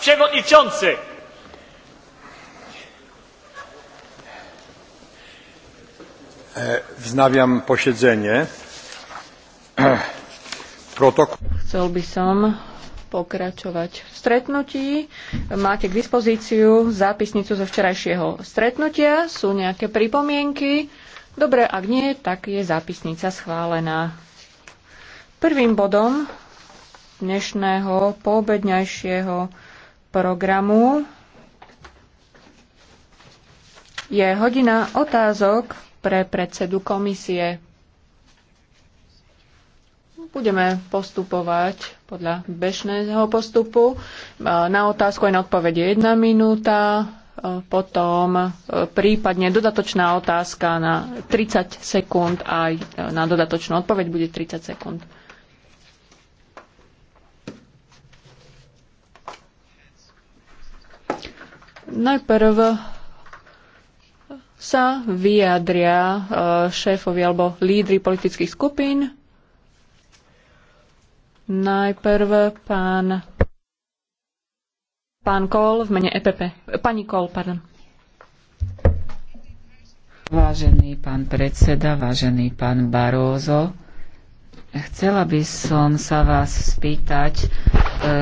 przewodniczący! E, wznawiam posiedzenie. Chcel by som pokračovať v stretnutí. Máte k dispozíciu zápisnicu zo včerajšieho stretnutia. Sú nejaké pripomienky? Dobre, ak nie, tak je zápisnica schválená. Prvým bodom dnešného poobedňajšieho programu je hodina otázok pre predsedu komisie. Budeme postupovať podľa bežného postupu. Na otázku aj na odpovede jedna minúta, potom e, prípadne dodatočná otázka na 30 sekúnd aj e, na dodatočnú odpoveď bude 30 sekúnd. Najprv sa vyjadria e, šéfovi alebo lídry politických skupín. Najprv pán pán Kol v mene EPP. Pani Kol, pardon. Vážený pán predseda, vážený pán Barózo, Chcela by som sa vás spýtať, e,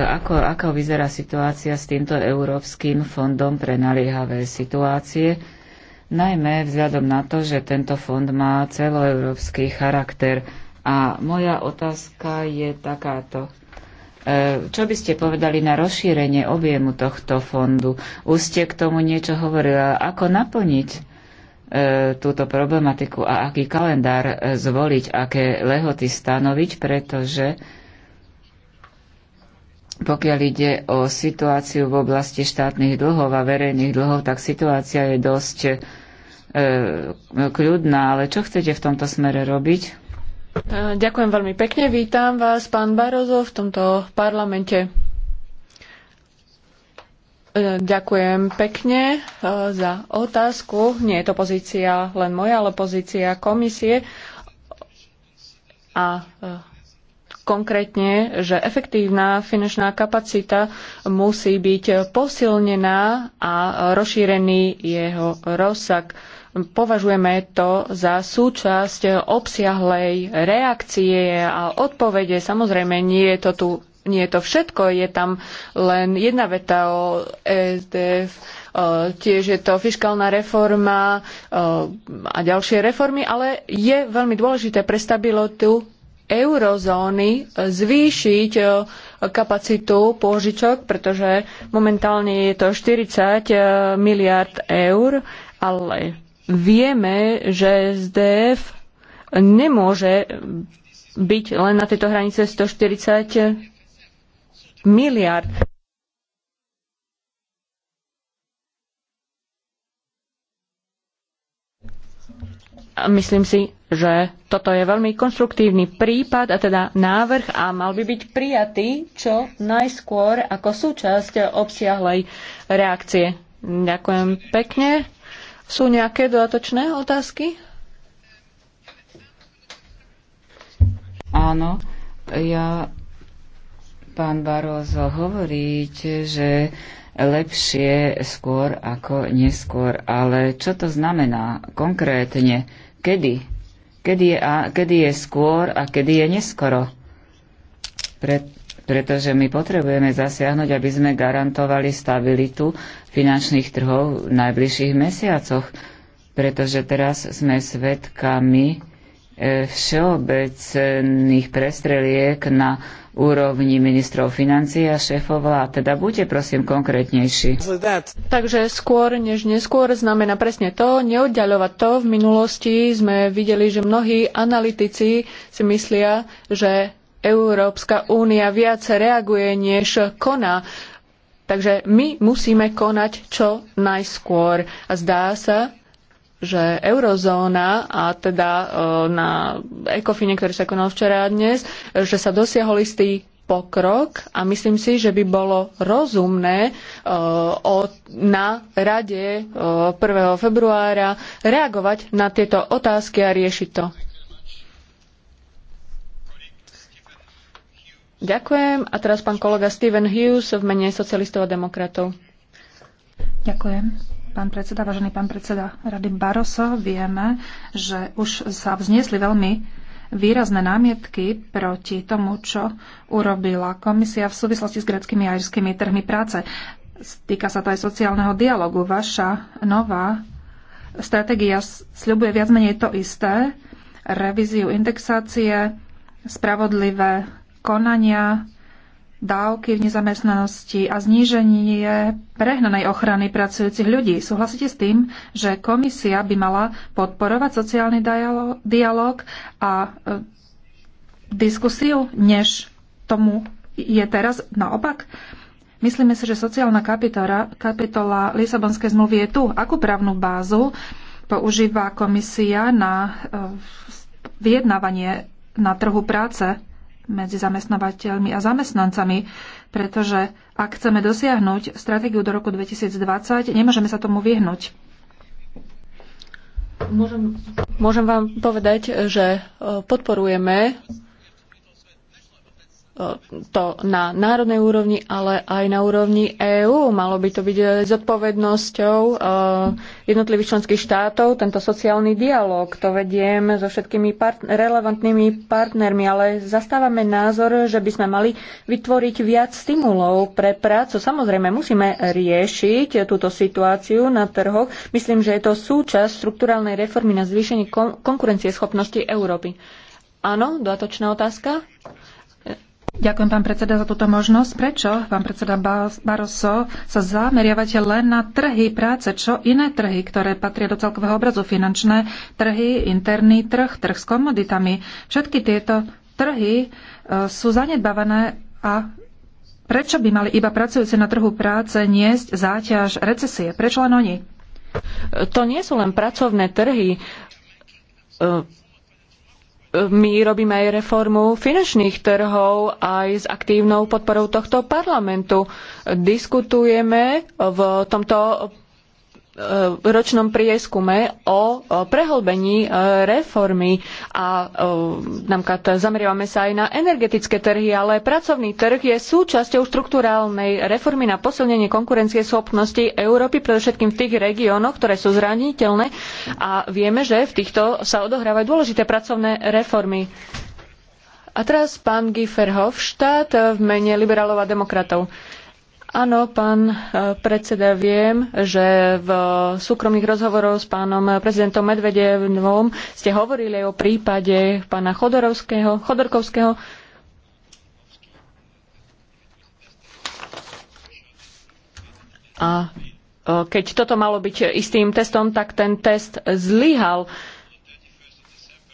ako, ako vyzerá situácia s týmto Európskym fondom pre naliehavé situácie, najmä vzhľadom na to, že tento fond má celoeurópsky charakter. A moja otázka je takáto. E, čo by ste povedali na rozšírenie objemu tohto fondu? Už ste k tomu niečo hovorila. Ako naplniť E, túto problematiku a aký kalendár e, zvoliť, aké lehoty stanoviť, pretože pokiaľ ide o situáciu v oblasti štátnych dlhov a verejných dlhov, tak situácia je dosť e, kľudná, ale čo chcete v tomto smere robiť? E, ďakujem veľmi pekne, vítam vás, pán Barozo, v tomto parlamente. E, ďakujem pekne e, za otázku. Nie je to pozícia len moja, ale pozícia komisie. A e, konkrétne, že efektívna finančná kapacita musí byť posilnená a rozšírený jeho rozsah. Považujeme to za súčasť obsiahlej reakcie a odpovede. Samozrejme, nie je to tu nie je to všetko, je tam len jedna veta o ESDF, e, tiež je to fiskálna reforma e, a ďalšie reformy, ale je veľmi dôležité pre stabilitu eurozóny zvýšiť e, kapacitu pôžičok, pretože momentálne je to 40 miliard eur, ale vieme, že SDF nemôže byť len na tejto hranice 140 miliard myslím si, že toto je veľmi konstruktívny prípad a teda návrh a mal by byť prijatý čo najskôr ako súčasť obsiahlej reakcie. Ďakujem pekne. Sú nejaké dodatočné otázky? Áno, ja pán Barozo, hovoríte, že lepšie skôr ako neskôr, ale čo to znamená konkrétne? Kedy? Kedy je, a, kedy je skôr a kedy je neskoro? Pre, pretože my potrebujeme zasiahnuť, aby sme garantovali stabilitu finančných trhov v najbližších mesiacoch, pretože teraz sme svedkami E, všeobecných prestreliek na úrovni ministrov financií a šéfov vlád. Teda buďte prosím konkrétnejší. Takže skôr než neskôr znamená presne to, neoddialovať to. V minulosti sme videli, že mnohí analytici si myslia, že Európska únia viac reaguje, než koná. Takže my musíme konať čo najskôr. A zdá sa, že eurozóna a teda e, na ekofine, ktorý sa konal včera a dnes, že sa dosiahol istý pokrok a myslím si, že by bolo rozumné e, na rade 1. E, februára reagovať na tieto otázky a riešiť to. Ďakujem. A teraz pán kolega Steven Hughes v mene socialistov a demokratov. Ďakujem pán predseda, vážený pán predseda Rady Baroso, vieme, že už sa vzniesli veľmi výrazné námietky proti tomu, čo urobila komisia v súvislosti s greckými a írskymi trhmi práce. Týka sa to aj sociálneho dialogu. Vaša nová stratégia sľubuje viac menej to isté, revíziu indexácie, spravodlivé konania, dávky v nezamestnanosti a zníženie prehnanej ochrany pracujúcich ľudí. Súhlasíte s tým, že komisia by mala podporovať sociálny dialog a e, diskusiu, než tomu je teraz naopak? Myslíme si, že sociálna kapitola, kapitola Lisabonskej zmluvy je tu. Akú právnu bázu používa komisia na e, vyjednávanie na trhu práce? medzi zamestnávateľmi a zamestnancami, pretože ak chceme dosiahnuť stratégiu do roku 2020, nemôžeme sa tomu vyhnúť. Môžem, môžem vám povedať, že e, podporujeme to na národnej úrovni, ale aj na úrovni EÚ. Malo by to byť eh, zodpovednosťou eh, jednotlivých členských štátov, tento sociálny dialog. To vediem so všetkými part- relevantnými partnermi, ale zastávame názor, že by sme mali vytvoriť viac stimulov pre prácu. Samozrejme, musíme riešiť túto situáciu na trhoch. Myslím, že je to súčasť strukturálnej reformy na zvýšenie kon- konkurencieschopnosti Európy. Áno, dodatočná otázka? Ďakujem, pán predseda, za túto možnosť. Prečo, pán predseda Barroso, sa zameriavate len na trhy práce? Čo iné trhy, ktoré patria do celkového obrazu? Finančné trhy, interný trh, trh s komoditami. Všetky tieto trhy e, sú zanedbávané a prečo by mali iba pracujúci na trhu práce niesť záťaž recesie? Prečo len oni? To nie sú len pracovné trhy e, my robíme aj reformu finančných trhov aj s aktívnou podporou tohto parlamentu. Diskutujeme v tomto Eh, ročnom prieskume o prehlbení eh, reformy a eh, napríklad zameriavame sa aj na energetické trhy, ale pracovný trh je súčasťou štruktúrálnej reformy na posilnenie konkurencie schopnosti Európy, predovšetkým v tých regiónoch, ktoré sú zraniteľné a vieme, že v týchto sa odohrávajú dôležité pracovné reformy. A teraz pán Guy Verhofstadt v mene liberálov a demokratov. Áno, pán e, predseda, viem, že v súkromných rozhovoroch s pánom prezidentom Medvedevom ste hovorili o prípade pána Chodorovského, Chodorkovského. A e, keď toto malo byť istým testom, tak ten test zlyhal.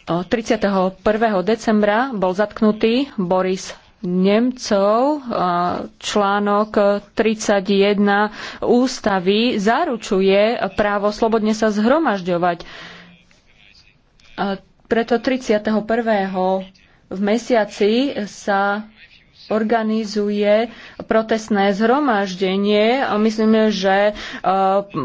31. E, decembra bol zatknutý Boris Nemcov článok 31 ústavy zaručuje právo slobodne sa zhromažďovať. Preto 31. v mesiaci sa organizuje protestné zhromaždenie. Myslím, že e,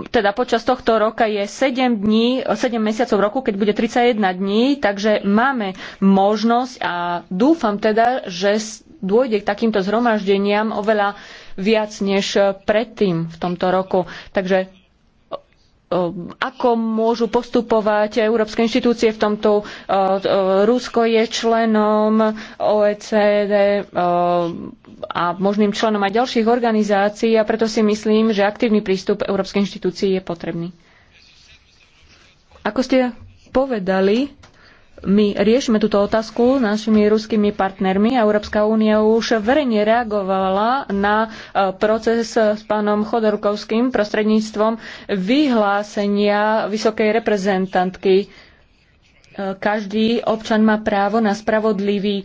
teda počas tohto roka je 7 dní, 7 mesiacov roku, keď bude 31 dní, takže máme možnosť a dúfam teda, že dôjde k takýmto zhromaždeniam oveľa viac než eh, predtým v tomto roku. Takže eh, ako môžu postupovať európske inštitúcie v tomto. Eh, Rusko je členom OECD a možným členom aj ďalších organizácií a preto si myslím, že aktívny prístup európskej inštitúcií je potrebný. Ako ste povedali, my riešime túto otázku našimi ruskými partnermi a Európska únia už verejne reagovala na e, proces s pánom Chodorkovským prostredníctvom vyhlásenia vysokej reprezentantky každý občan má právo na spravodlivý e,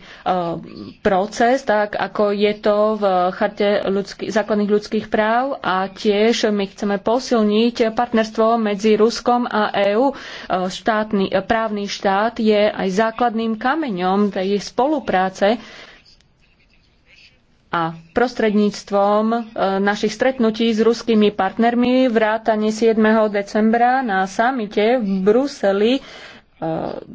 proces, tak ako je to v charte ľudský, základných ľudských práv a tiež my chceme posilniť partnerstvo medzi Ruskom a EÚ. E, štátny, e, právny štát je aj základným kameňom tej spolupráce a prostredníctvom našich stretnutí s ruskými partnermi vrátane 7. decembra na samite v Bruseli E,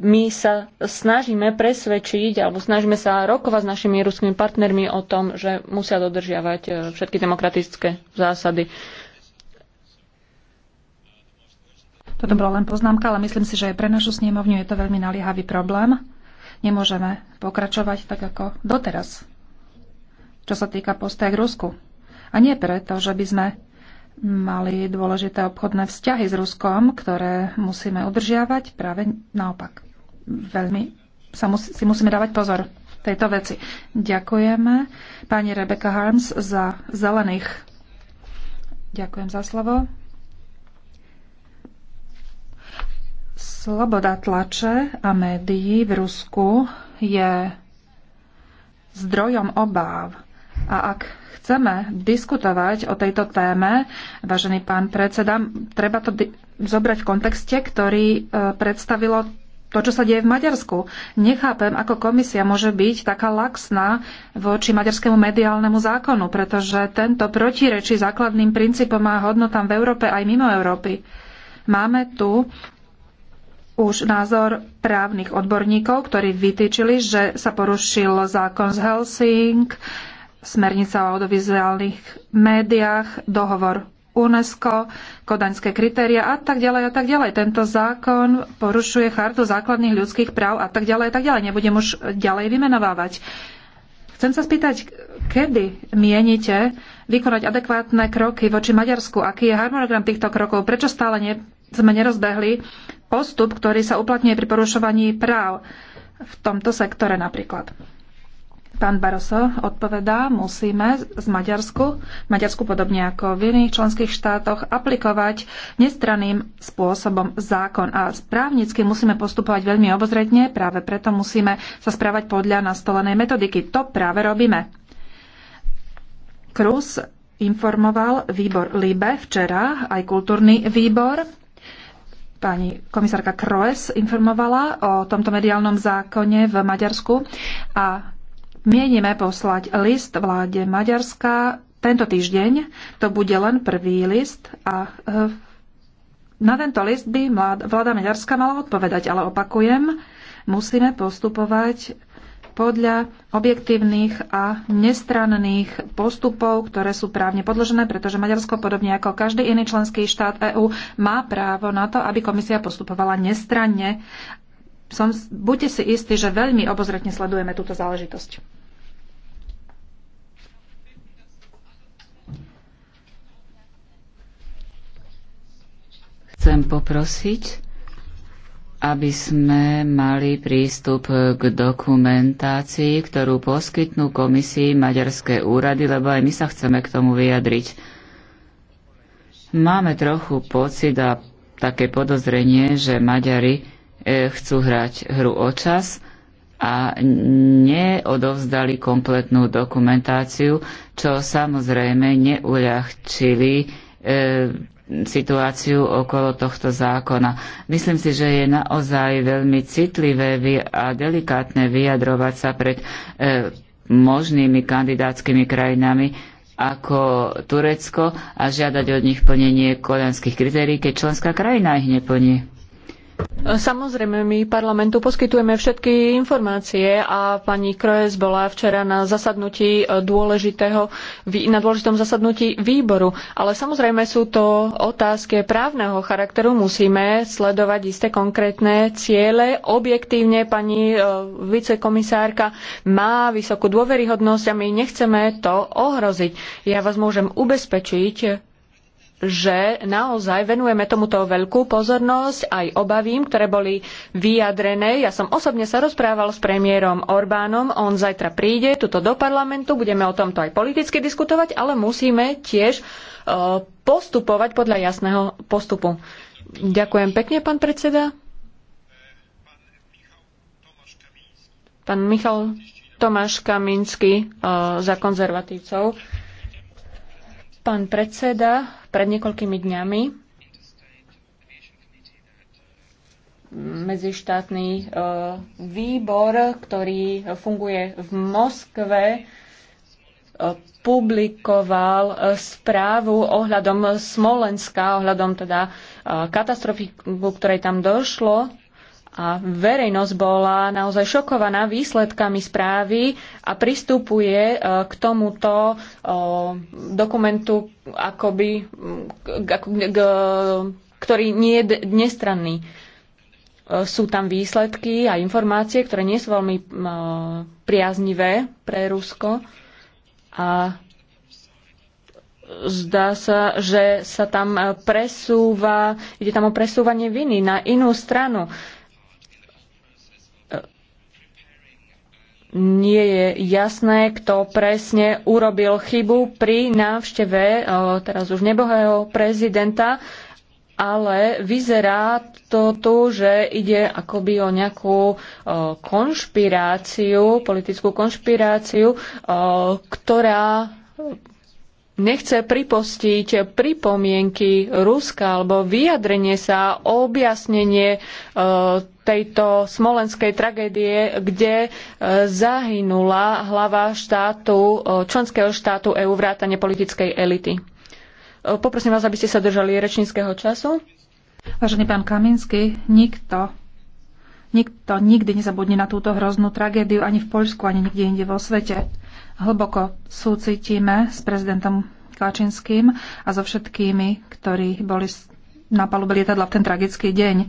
my sa snažíme presvedčiť alebo snažíme sa rokovať s našimi ruskými partnermi o tom, že musia dodržiavať e, všetky demokratické zásady. Toto bola len poznámka, ale myslím si, že aj pre našu snemovňu je to veľmi naliehavý problém. Nemôžeme pokračovať tak ako doteraz, čo sa týka postoja k Rusku. A nie preto, že by sme mali dôležité obchodné vzťahy s Ruskom, ktoré musíme udržiavať. Práve naopak, veľmi sa mus- si musíme dávať pozor v tejto veci. Ďakujeme pani Rebecca Harms za zelených. Ďakujem za slovo. Sloboda tlače a médií v Rusku je zdrojom obáv a ak chceme diskutovať o tejto téme, vážený pán predseda, treba to zobrať v kontexte, ktorý e, predstavilo to, čo sa deje v Maďarsku. Nechápem, ako komisia môže byť taká laxná voči maďarskému mediálnemu zákonu, pretože tento protirečí základným princípom a hodnotám v Európe aj mimo Európy. Máme tu už názor právnych odborníkov, ktorí vytýčili, že sa porušil zákon z Helsing, smernica o audiovizuálnych médiách, dohovor UNESCO, kodaňské kritéria a tak ďalej a tak ďalej. Tento zákon porušuje chartu základných ľudských práv a tak ďalej a tak ďalej. Nebudem už ďalej vymenovávať. Chcem sa spýtať, kedy mienite vykonať adekvátne kroky voči Maďarsku? Aký je harmonogram týchto krokov? Prečo stále ne, sme nerozbehli postup, ktorý sa uplatňuje pri porušovaní práv v tomto sektore napríklad? Pán Baroso odpovedá, musíme z Maďarsku, Maďarsku podobne ako v iných členských štátoch, aplikovať nestraným spôsobom zákon. A správnicky musíme postupovať veľmi obozretne, práve preto musíme sa správať podľa nastolenej metodiky. To práve robíme. Krus informoval výbor LIBE včera, aj kultúrny výbor. Pani komisárka Kroes informovala o tomto mediálnom zákone v Maďarsku a Mienime poslať list vláde Maďarska tento týždeň. To bude len prvý list a e, na tento list by vláda Maďarska mala odpovedať, ale opakujem, musíme postupovať podľa objektívnych a nestranných postupov, ktoré sú právne podložené, pretože Maďarsko, podobne ako každý iný členský štát EÚ, má právo na to, aby komisia postupovala nestranne. Som, buďte si istí, že veľmi obozretne sledujeme túto záležitosť. Chcem poprosiť, aby sme mali prístup k dokumentácii, ktorú poskytnú komisii maďarské úrady, lebo aj my sa chceme k tomu vyjadriť. Máme trochu pocit a také podozrenie, že Maďari e, chcú hrať hru o čas a neodovzdali kompletnú dokumentáciu, čo samozrejme neuľahčili e, situáciu okolo tohto zákona. Myslím si, že je naozaj veľmi citlivé a delikátne vyjadrovať sa pred e, možnými kandidátskymi krajinami ako Turecko a žiadať od nich plnenie kodanských kritérií, keď členská krajina ich neplní. Samozrejme, my parlamentu poskytujeme všetky informácie a pani Kroes bola včera na zasadnutí e, dôležitého, na dôležitom zasadnutí výboru. Ale samozrejme sú to otázky právneho charakteru. Musíme sledovať isté konkrétne ciele. Objektívne pani e, vicekomisárka má vysokú dôveryhodnosť a my nechceme to ohroziť. Ja vás môžem ubezpečiť, že naozaj venujeme tomuto veľkú pozornosť aj obavím, ktoré boli vyjadrené. Ja som osobne sa rozprával s premiérom Orbánom, on zajtra príde tuto do parlamentu, budeme o tomto aj politicky diskutovať, ale musíme tiež e, postupovať podľa jasného postupu. Ďakujem pekne, pán predseda. Pán Michal Tomáš Kaminsky e, za konzervatívcov. Pán predseda, pred niekoľkými dňami medzištátny e, výbor, ktorý funguje v Moskve, e, publikoval e, správu ohľadom Smolenska, ohľadom teda katastrofy, ku ktorej tam došlo a verejnosť bola naozaj šokovaná výsledkami správy a pristupuje e, k tomuto e, dokumentu akoby, ktorý nie je nestranný. E, sú tam výsledky a informácie, ktoré nie sú veľmi priaznivé pre Rusko a zdá sa, že sa tam presúva, ide tam o presúvanie viny na inú stranu. nie je jasné, kto presne urobil chybu pri návšteve e, teraz už nebohého prezidenta, ale vyzerá to tu, že ide akoby o nejakú e, konšpiráciu, politickú konšpiráciu, e, ktorá nechce pripostiť pripomienky Ruska alebo vyjadrenie sa, objasnenie e, tejto smolenskej tragédie, kde e, zahynula hlava štátu, e, členského štátu EU vrátane politickej elity. Poprosím vás, aby ste sa držali rečníckého času. Vážený pán Kaminsky, nikto, nikto nikdy nezabudne na túto hroznú tragédiu ani v Poľsku, ani nikde inde vo svete. Hlboko súcitíme s prezidentom Kačinským a so všetkými, ktorí boli na palube lietadla v ten tragický deň.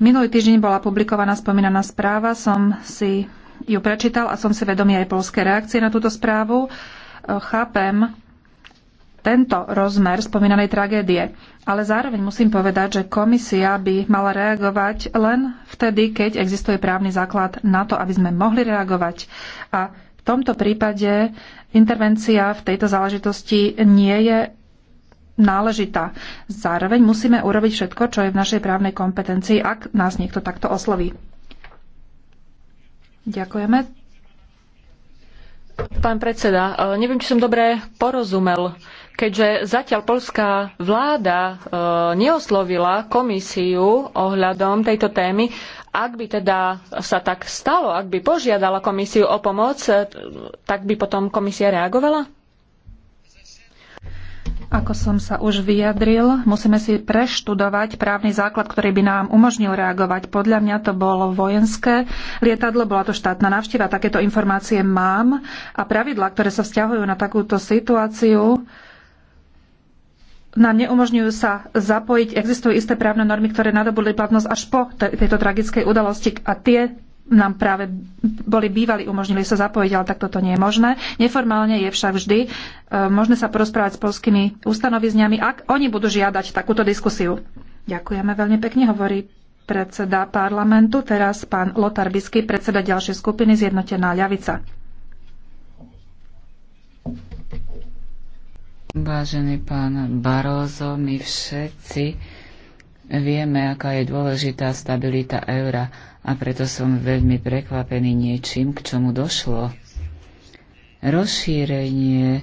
Minulý týždeň bola publikovaná spomínaná správa, som si ju prečítal a som si vedomý aj polské reakcie na túto správu. E, chápem tento rozmer spomínanej tragédie, ale zároveň musím povedať, že komisia by mala reagovať len vtedy, keď existuje právny základ na to, aby sme mohli reagovať. A v tomto prípade intervencia v tejto záležitosti nie je náležitá. Zároveň musíme urobiť všetko, čo je v našej právnej kompetencii, ak nás niekto takto osloví. Ďakujeme. Pán predseda, eh, neviem, či som dobre porozumel keďže zatiaľ polská vláda e, neoslovila komisiu ohľadom tejto témy, ak by teda sa tak stalo, ak by požiadala komisiu o pomoc, e, tak by potom komisia reagovala? Ako som sa už vyjadril, musíme si preštudovať právny základ, ktorý by nám umožnil reagovať. Podľa mňa to bolo vojenské lietadlo, bola to štátna návšteva, takéto informácie mám a pravidlá, ktoré sa vzťahujú na takúto situáciu, nám neumožňujú sa zapojiť. Existujú isté právne normy, ktoré nadobudli platnosť až po tejto tragickej udalosti a tie nám práve boli bývali, umožnili sa zapojiť, ale takto to nie je možné. Neformálne je však vždy e, možné sa porozprávať s polskými ustanovizňami, ak oni budú žiadať takúto diskusiu. Ďakujeme veľmi pekne, hovorí predseda parlamentu, teraz pán Lotar Bisky, predseda ďalšej skupiny Zjednotená ľavica. Vážený pán Barózo, my všetci vieme, aká je dôležitá stabilita eura a preto som veľmi prekvapený niečím, k čomu došlo. Rozšírenie e,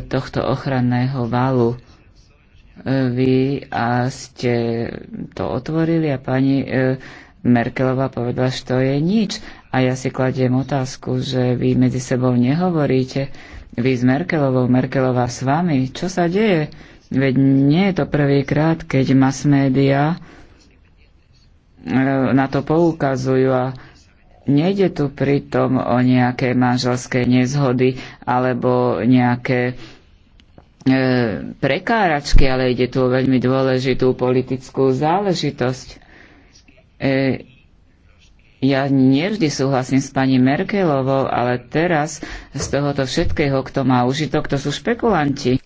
tohto ochranného valu e, vy a ste to otvorili a pani e, Merkelová povedala, že to je nič. A ja si kladiem otázku, že vy medzi sebou nehovoríte, vy s Merkelovou, Merkelová s vami, čo sa deje? Veď nie je to prvýkrát, keď mass media e, na to poukazujú a nejde tu pritom o nejaké manželské nezhody alebo nejaké e, prekáračky, ale ide tu o veľmi dôležitú politickú záležitosť. E, ja nevždy súhlasím s pani Merkelovou, ale teraz z tohoto všetkého, kto má užitok, to sú špekulanti.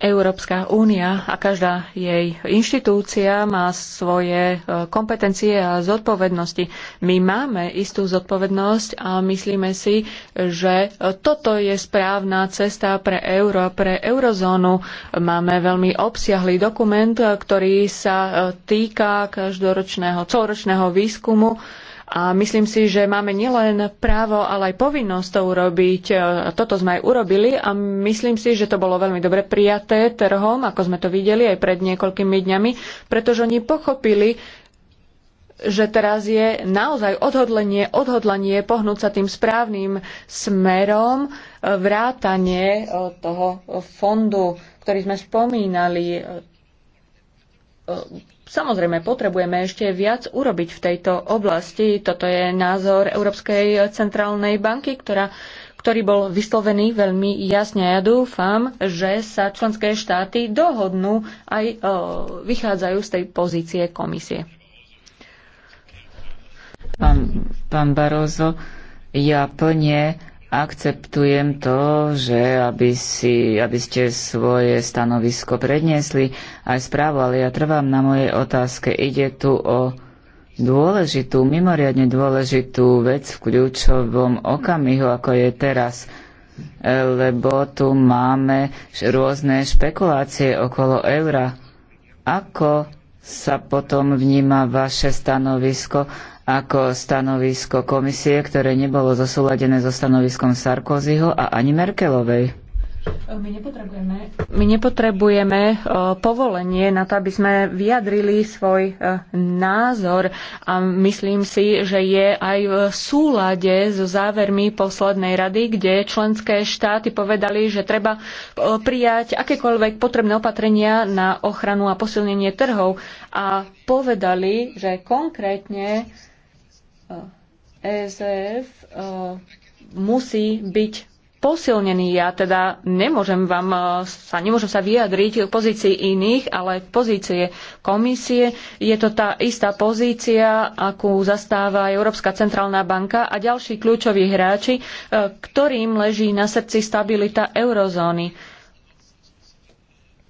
Európska únia a každá jej inštitúcia má svoje e, kompetencie a zodpovednosti. My máme istú zodpovednosť a myslíme si, že e, toto je správna cesta pre euro, pre eurozónu. Máme veľmi obsiahlý dokument, e, ktorý sa týka každoročného, celoročného výskumu a myslím si, že máme nielen právo, ale aj povinnosť to urobiť. E, Toto sme aj urobili a myslím si, že to bolo veľmi dobre prijaté trhom, ako sme to videli aj pred niekoľkými dňami, pretože oni pochopili, že teraz je naozaj odhodlenie, odhodlanie pohnúť sa tým správnym smerom, e, vrátanie e, toho fondu, ktorý sme spomínali Samozrejme, potrebujeme ešte viac urobiť v tejto oblasti. Toto je názor Európskej centrálnej banky, ktorá, ktorý bol vyslovený veľmi jasne. Ja dúfam, že sa členské štáty dohodnú aj o, e, vychádzajú z tej pozície komisie. Pán, pán Barozo, ja plne Akceptujem to, že aby, si, aby ste svoje stanovisko predniesli aj správu, ale ja trvám na mojej otázke. Ide tu o dôležitú, mimoriadne dôležitú vec v kľúčovom okamihu, ako je teraz, lebo tu máme rôzne špekulácie okolo eura. Ako sa potom vníma vaše stanovisko ako stanovisko komisie, ktoré nebolo zosúladené so stanoviskom Sarkozyho a ani Merkelovej. My nepotrebujeme, my nepotrebujeme e, povolenie na to, aby sme vyjadrili svoj e, názor a myslím si, že je aj v súlade so závermi poslednej rady, kde členské štáty povedali, že treba e, prijať akékoľvek potrebné opatrenia na ochranu a posilnenie trhov a povedali, že konkrétne ESF e, musí byť posilnený. Ja teda nemôžem vám e, sa, nemôžem sa vyjadriť v pozícii iných, ale v pozície komisie. Je to tá istá pozícia, akú zastáva Európska centrálna banka a ďalší kľúčoví hráči, e, ktorým leží na srdci stabilita eurozóny.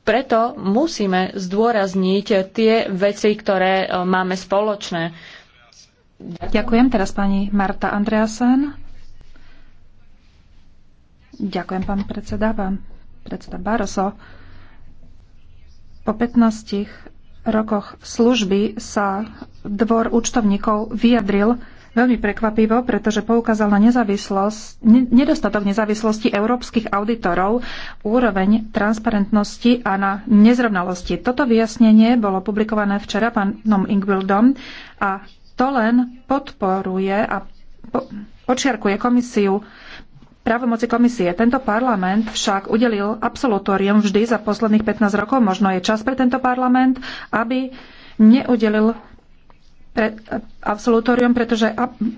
Preto musíme zdôrazniť tie veci, ktoré máme spoločné Ďakujem. Teraz pani Marta Andreasen. Ďakujem, pán predseda, pán predseda Baroso. Po 15 rokoch služby sa dvor účtovníkov vyjadril veľmi prekvapivo, pretože poukázal na nezávislosť, nedostatok nezávislosti európskych auditorov, úroveň transparentnosti a na nezrovnalosti. Toto vyjasnenie bolo publikované včera pánom Ingwildom a to len podporuje a počiarkuje komisiu právomoci komisie. Tento parlament však udelil absolutórium vždy za posledných 15 rokov. Možno je čas pre tento parlament, aby neudelil pre, absolutórium, pretože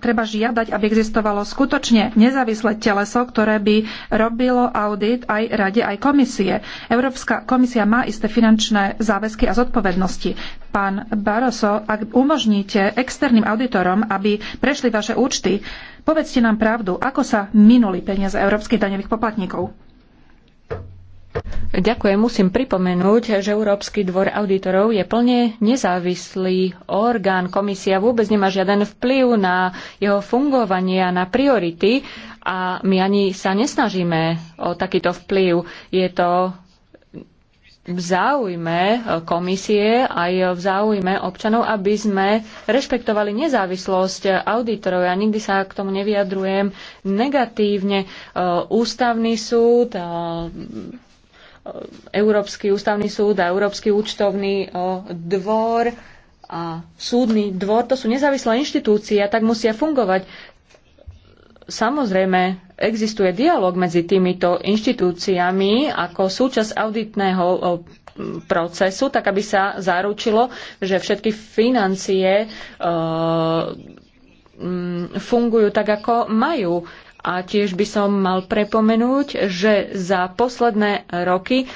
treba žiadať, aby existovalo skutočne nezávislé teleso, ktoré by robilo audit aj rade, aj komisie. Európska komisia má isté finančné záväzky a zodpovednosti. Pán Barroso, ak umožníte externým auditorom, aby prešli vaše účty, povedzte nám pravdu, ako sa minuli peniaze európskych daňových poplatníkov. Ďakujem. Musím pripomenúť, že Európsky dvor auditorov je plne nezávislý orgán. Komisia vôbec nemá žiaden vplyv na jeho fungovanie a na priority a my ani sa nesnažíme o takýto vplyv. Je to v záujme komisie aj v záujme občanov, aby sme rešpektovali nezávislosť auditorov. Ja nikdy sa k tomu nevyjadrujem negatívne. Ústavný súd, Európsky ústavný súd a Európsky účtovný e, dvor a súdny dvor, to sú nezávislé inštitúcie a tak musia fungovať. Samozrejme, existuje dialog medzi týmito inštitúciami ako súčasť auditného e, procesu, tak aby sa zaručilo, že všetky financie e, fungujú tak, ako majú. A tiež by som mal prepomenúť, že za posledné roky e,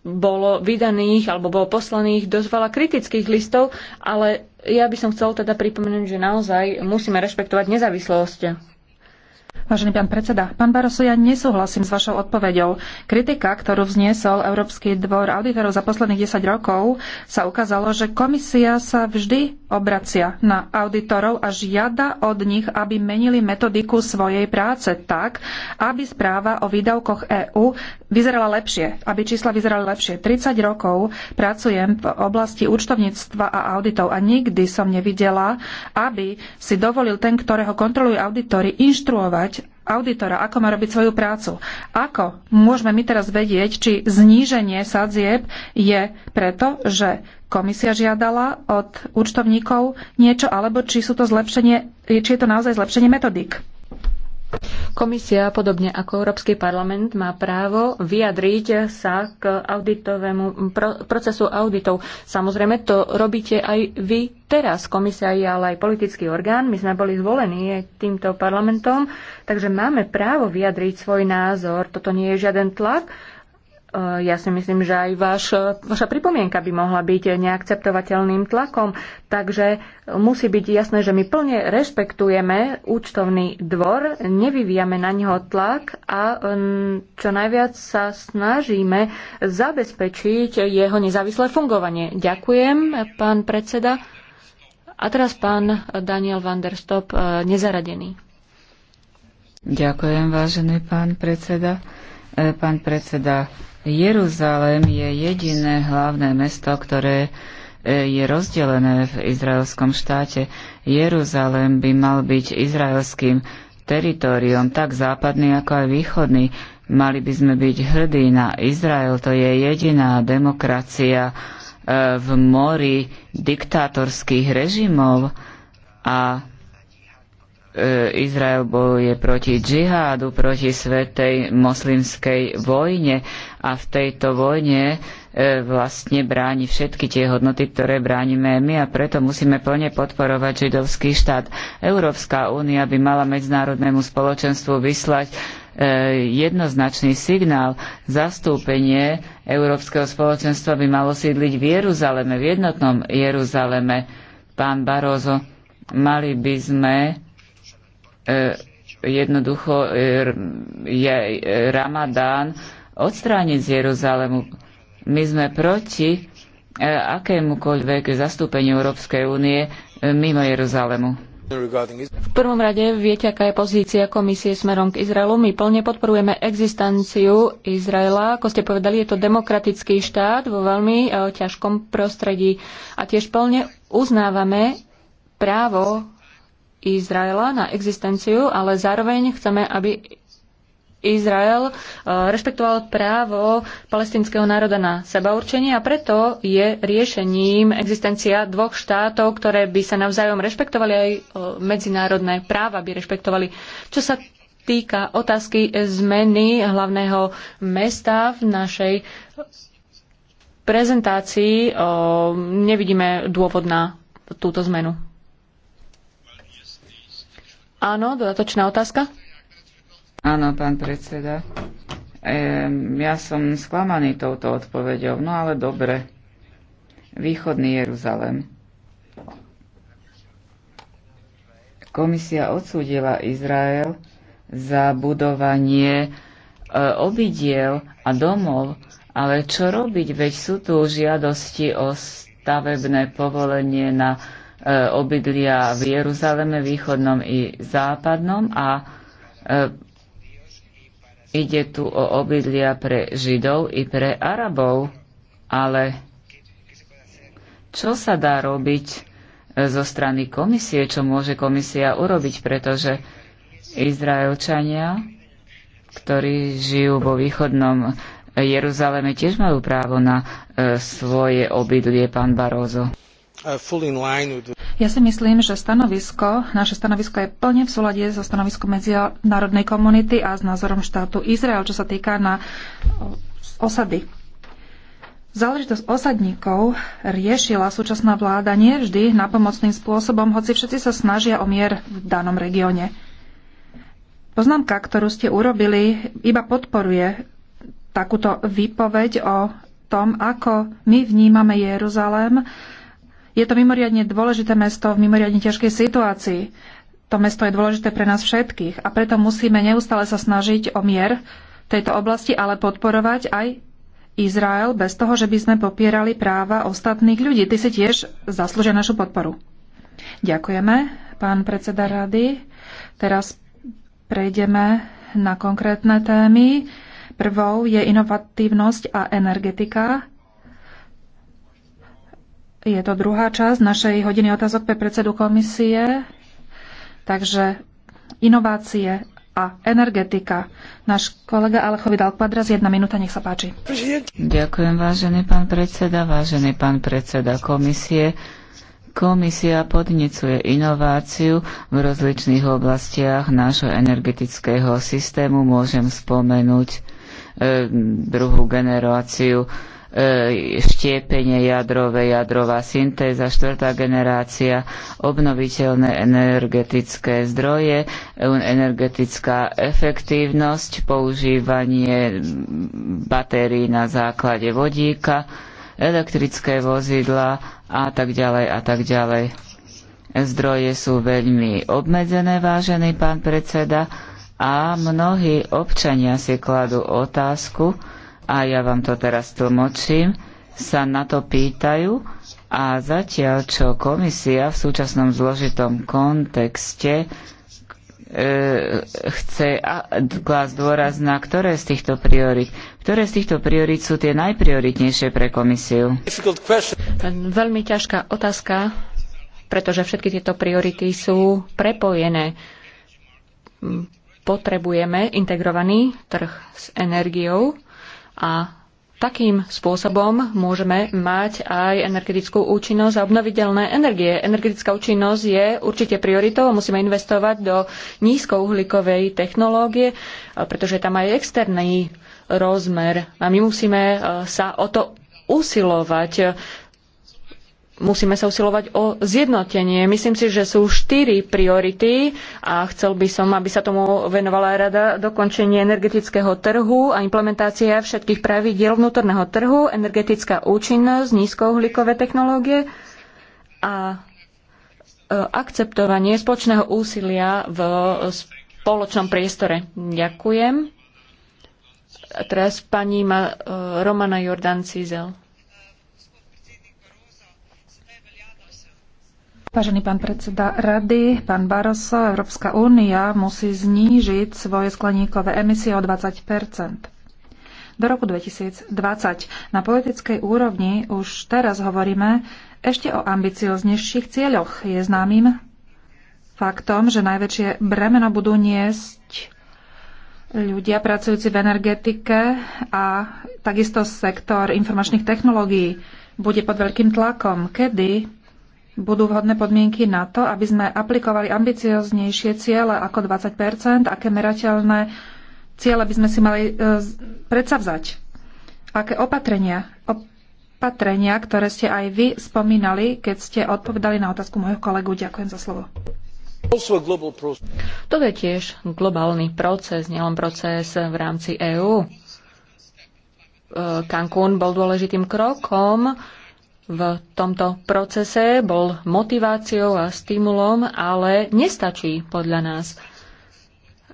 bolo vydaných alebo bolo poslaných dosť veľa kritických listov, ale ja by som chcel teda pripomenúť, že naozaj musíme rešpektovať nezávislosť Vážený pán predseda, pán Baroso, ja nesúhlasím s vašou odpoveďou. Kritika, ktorú vzniesol Európsky dvor auditorov za posledných 10 rokov, sa ukázalo, že komisia sa vždy obracia na auditorov a žiada od nich, aby menili metodiku svojej práce tak, aby správa o výdavkoch EÚ vyzerala lepšie, aby čísla vyzerali lepšie. 30 rokov pracujem v oblasti účtovníctva a auditov a nikdy som nevidela, aby si dovolil ten, ktorého kontrolujú auditory, inštruovať auditora, ako má robiť svoju prácu. Ako môžeme my teraz vedieť, či zníženie sadzieb je preto, že komisia žiadala od účtovníkov niečo, alebo či, sú to zlepšenie, či je to naozaj zlepšenie metodik. Komisia, podobne ako Európsky parlament, má právo vyjadriť sa k auditovému procesu auditov. Samozrejme, to robíte aj vy teraz. Komisia je ale aj politický orgán. My sme boli zvolení týmto parlamentom, takže máme právo vyjadriť svoj názor. Toto nie je žiaden tlak Eh, ja si myslím, že aj vaš, eh, vaša pripomienka by mohla byť neakceptovateľným tlakom, takže musí byť jasné, že my plne rešpektujeme účtovný dvor, nevyvíjame na neho tlak a čo najviac sa snažíme zabezpečiť jeho nezávislé fungovanie. Ďakujem, pán predseda. A teraz pán Daniel van der Stop, eh, nezaradený. Ďakujem, vážený pán predseda. E, pán predseda, Jeruzalém je jediné hlavné mesto, ktoré e, je rozdelené v izraelskom štáte. Jeruzalém by mal byť izraelským teritóriom, tak západný ako aj východný. Mali by sme byť hrdí na Izrael, to je jediná demokracia e, v mori diktátorských režimov a E, Izrael bojuje proti džihádu, proti svetej moslimskej vojne a v tejto vojne e, vlastne bráni všetky tie hodnoty, ktoré bránime my a preto musíme plne podporovať židovský štát. Európska únia by mala medzinárodnému spoločenstvu vyslať e, jednoznačný signál. Zastúpenie Európskeho spoločenstva by malo sídliť v Jeruzaleme, v jednotnom Jeruzaleme. Pán Barozo, mali by sme E, jednoducho e, je Ramadán odstrániť z Jeruzalému. My sme proti e, akémukoľvek zastúpeniu Európskej únie mimo Jeruzalému. V prvom rade viete, aká je pozícia komisie smerom k Izraelu. My plne podporujeme existenciu Izraela. Ako ste povedali, je to demokratický štát vo veľmi ťažkom prostredí. A tiež plne uznávame právo Izraela na existenciu, ale zároveň chceme, aby Izrael e, rešpektoval právo palestinského národa na sebaurčenie a preto je riešením existencia dvoch štátov, ktoré by sa navzájom rešpektovali aj e, medzinárodné práva by rešpektovali. Čo sa týka otázky zmeny hlavného mesta v našej prezentácii, e, nevidíme dôvod na túto zmenu. Áno, dodatočná otázka. Áno, pán predseda. Ehm, ja som sklamaný touto odpoveďou, no ale dobre. Východný Jeruzalem. Komisia odsúdila Izrael za budovanie e, obidiel a domov, ale čo robiť, veď sú tu žiadosti o stavebné povolenie na E, obydlia v Jeruzaleme, východnom i západnom a e, ide tu o obydlia pre Židov i pre Arabov. Ale čo sa dá robiť e, zo strany komisie, čo môže komisia urobiť, pretože Izraelčania, ktorí žijú vo východnom Jeruzaleme, tiež majú právo na svoje obydlie, pán Barózo. Ja si myslím, že stanovisko, naše stanovisko je plne v súlade so stanoviskom medzinárodnej komunity a s názorom štátu Izrael, čo sa týka na osady. Záležitosť osadníkov riešila súčasná vláda nie vždy napomocným spôsobom, hoci všetci sa snažia o mier v danom regióne. Poznámka, ktorú ste urobili, iba podporuje takúto výpoveď o tom, ako my vnímame Jeruzalém, je to mimoriadne dôležité mesto v mimoriadne ťažkej situácii. To mesto je dôležité pre nás všetkých a preto musíme neustále sa snažiť o mier v tejto oblasti, ale podporovať aj Izrael bez toho, že by sme popierali práva ostatných ľudí. Ty si tiež zaslúžia našu podporu. Ďakujeme, pán predseda rady. Teraz prejdeme na konkrétne témy. Prvou je inovatívnosť a energetika. Je to druhá časť našej hodiny otázok pre predsedu komisie. Takže inovácie a energetika. Náš kolega Alechovi dal kvadras, jedna minúta, nech sa páči. Ďakujem, vážený pán predseda, vážený pán predseda komisie. Komisia podnecuje inováciu v rozličných oblastiach nášho energetického systému. Môžem spomenúť e, druhú generáciu e, E, štiepenie jadrové, jadrová syntéza, štvrtá generácia, obnoviteľné energetické zdroje, energetická efektívnosť, používanie batérií na základe vodíka, elektrické vozidla a tak ďalej a tak ďalej. Zdroje sú veľmi obmedzené, vážený pán predseda, a mnohí občania si kladú otázku, a ja vám to teraz tlmočím, sa na to pýtajú a zatiaľ, čo komisia v súčasnom zložitom kontexte e, chce klásť dôraz na ktoré z týchto priorit. Ktoré z týchto priorit sú tie najprioritnejšie pre komisiu? Veľmi ťažká otázka, pretože všetky tieto priority sú prepojené. Potrebujeme integrovaný trh s energiou, a takým spôsobom môžeme mať aj energetickú účinnosť a obnoviteľné energie. Energetická účinnosť je určite prioritou a musíme investovať do nízkouhlíkovej technológie, e, pretože tam aj externý rozmer a my musíme e, sa o to usilovať musíme sa usilovať o zjednotenie. Myslím si, že sú štyri priority a chcel by som, aby sa tomu venovala rada dokončenie energetického trhu a implementácia všetkých pravidiel vnútorného trhu, energetická účinnosť, nízkouhlíkové technológie a e, akceptovanie spoločného úsilia v spoločnom priestore. Ďakujem. A teraz pani e, Romana Jordan Cizel. Vážený pán predseda Rady, pán Barroso, Európska únia musí znížiť svoje skleníkové emisie o 20 do roku 2020. Na politickej úrovni už teraz hovoríme ešte o ambicioznejších cieľoch. Je známym faktom, že najväčšie bremeno budú niesť ľudia pracujúci v energetike a takisto sektor informačných technológií bude pod veľkým tlakom, kedy budú vhodné podmienky na to, aby sme aplikovali ambicioznejšie ciele ako 20 aké merateľné ciele by sme si mali e, predsavzať, aké opatrenia, opatrenia, ktoré ste aj vy spomínali, keď ste odpovedali na otázku môjho kolegu. Ďakujem za slovo. Toto je tiež globálny proces, nielen proces v rámci EÚ. E, Cancún bol dôležitým krokom, v tomto procese, bol motiváciou a stimulom, ale nestačí podľa nás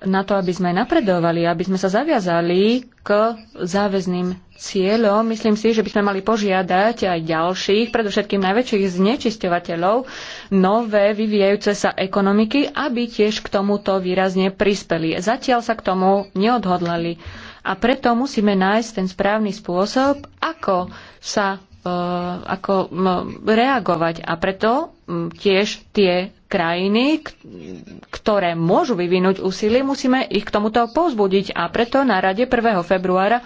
na to, aby sme napredovali, aby sme sa zaviazali k záväzným cieľom. Myslím si, že by sme mali požiadať aj ďalších, predovšetkým najväčších znečisťovateľov, nové vyvíjajúce sa ekonomiky, aby tiež k tomuto výrazne prispeli. Zatiaľ sa k tomu neodhodlali. A preto musíme nájsť ten správny spôsob, ako sa Eh, ako reagovať. A preto tiež tie krajiny, ktoré môžu vyvinúť úsilie, musíme ich k tomuto povzbudiť. A preto na rade 1. februára eh,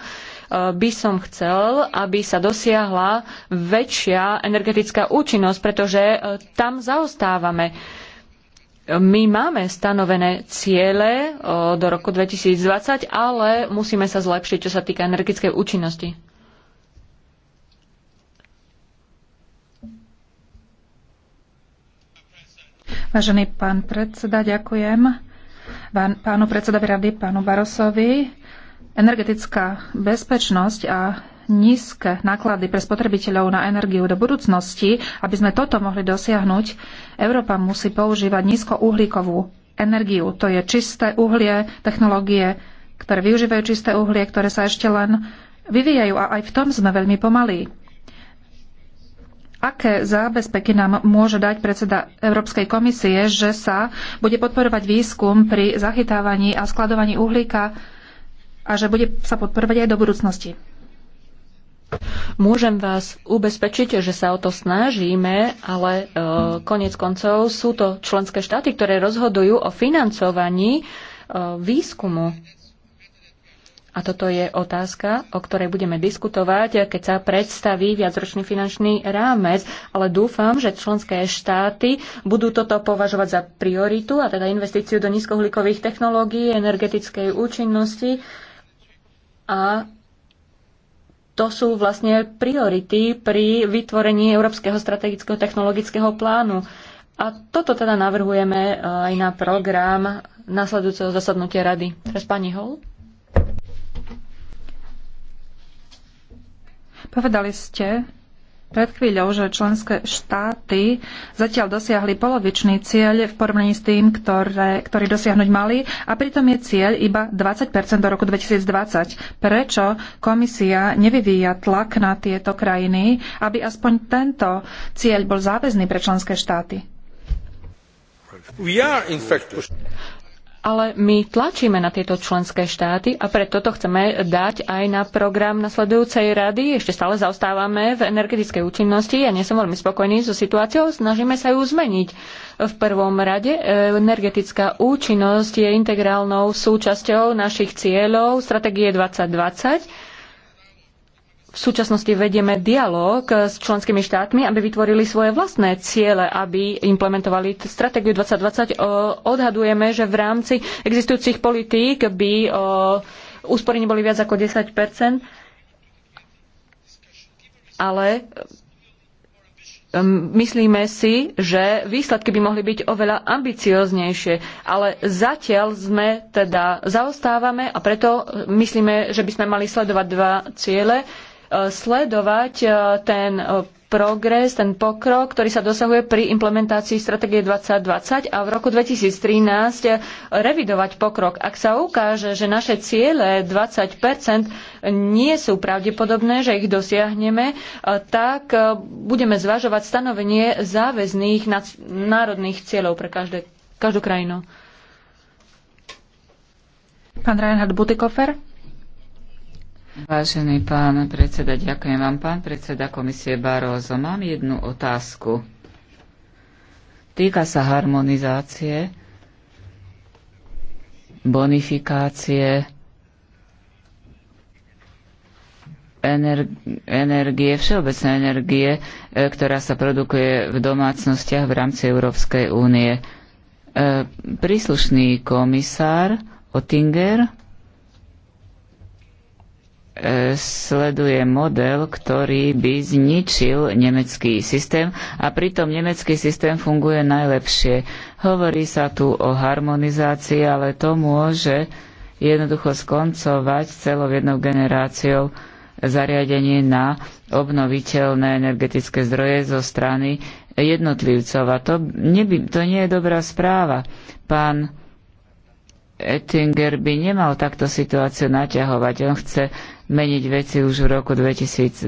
by som chcel, aby sa dosiahla väčšia energetická účinnosť, pretože eh, tam zaostávame. My máme stanovené ciele do roku 2020, ale musíme sa zlepšiť, čo sa týka energetickej účinnosti. Vážený pán predseda, ďakujem pánu predsedovi rady, pánu Barosovi. Energetická bezpečnosť a nízke náklady pre spotrebiteľov na energiu do budúcnosti, aby sme toto mohli dosiahnuť, Európa musí používať nízkouhlíkovú energiu. To je čisté uhlie, technológie, ktoré využívajú čisté uhlie, ktoré sa ešte len vyvíjajú a aj v tom sme veľmi pomalí. Aké zábezpeky nám môže dať predseda Európskej komisie, že sa bude podporovať výskum pri zachytávaní a skladovaní uhlíka a že bude sa podporovať aj do budúcnosti? Môžem vás ubezpečiť, že sa o to snažíme, ale e, konec koncov sú to členské štáty, ktoré rozhodujú o financovaní e, výskumu a toto je otázka, o ktorej budeme diskutovať, keď sa predstaví viacročný finančný rámec. Ale dúfam, že členské štáty budú toto považovať za prioritu, a teda investíciu do nízkohlikových technológií, energetickej účinnosti. A to sú vlastne priority pri vytvorení Európskeho strategického technologického plánu. A toto teda navrhujeme eh, aj na program nasledujúceho zasadnutia rady. Teraz pani Hol. Povedali ste pred chvíľou, že členské štáty zatiaľ dosiahli polovičný cieľ v porovnaní s tým, ktoré, ktorý dosiahnuť mali a pritom je cieľ iba 20 do roku 2020. Prečo komisia nevyvíja tlak na tieto krajiny, aby aspoň tento cieľ bol záväzný pre členské štáty? ale my tlačíme na tieto členské štáty a preto to chceme dať aj na program nasledujúcej rady. Ešte stále zaostávame v energetickej účinnosti. Ja nie som veľmi spokojný so situáciou, snažíme sa ju zmeniť. V prvom rade e, energetická účinnosť je integrálnou súčasťou našich cieľov stratégie 2020 v súčasnosti vedieme dialog s členskými štátmi, aby vytvorili svoje vlastné ciele, aby implementovali stratégiu 2020. Odhadujeme, že v rámci existujúcich politík by úspory neboli viac ako 10 ale myslíme si, že výsledky by mohli byť oveľa ambicioznejšie, ale zatiaľ sme teda zaostávame a preto myslíme, že by sme mali sledovať dva ciele sledovať e, ten e, progres, ten pokrok, ktorý sa dosahuje pri implementácii stratégie 2020 a v roku 2013 e, revidovať pokrok. Ak sa ukáže, že naše ciele 20 nie sú pravdepodobné, že ich dosiahneme, tak budeme zvažovať stanovenie záväzných národných cieľov pre každé, každú krajinu. Pán Reinhard Butikofer. Vážený pán predseda, ďakujem vám. Pán predseda komisie Barózo, mám jednu otázku. Týka sa harmonizácie, bonifikácie, energie, všeobecné energie, e, ktorá sa produkuje v domácnostiach v rámci Európskej únie. E, príslušný komisár Ottinger E, sleduje model, ktorý by zničil nemecký systém a pritom nemecký systém funguje najlepšie. Hovorí sa tu o harmonizácii, ale to môže jednoducho skoncovať celou jednou generáciou zariadenie na obnoviteľné energetické zdroje zo strany jednotlivcov. A to, neby, to nie je dobrá správa. Pán Ettinger by nemal takto situáciu naťahovať. On chce meniť veci už v roku 2012.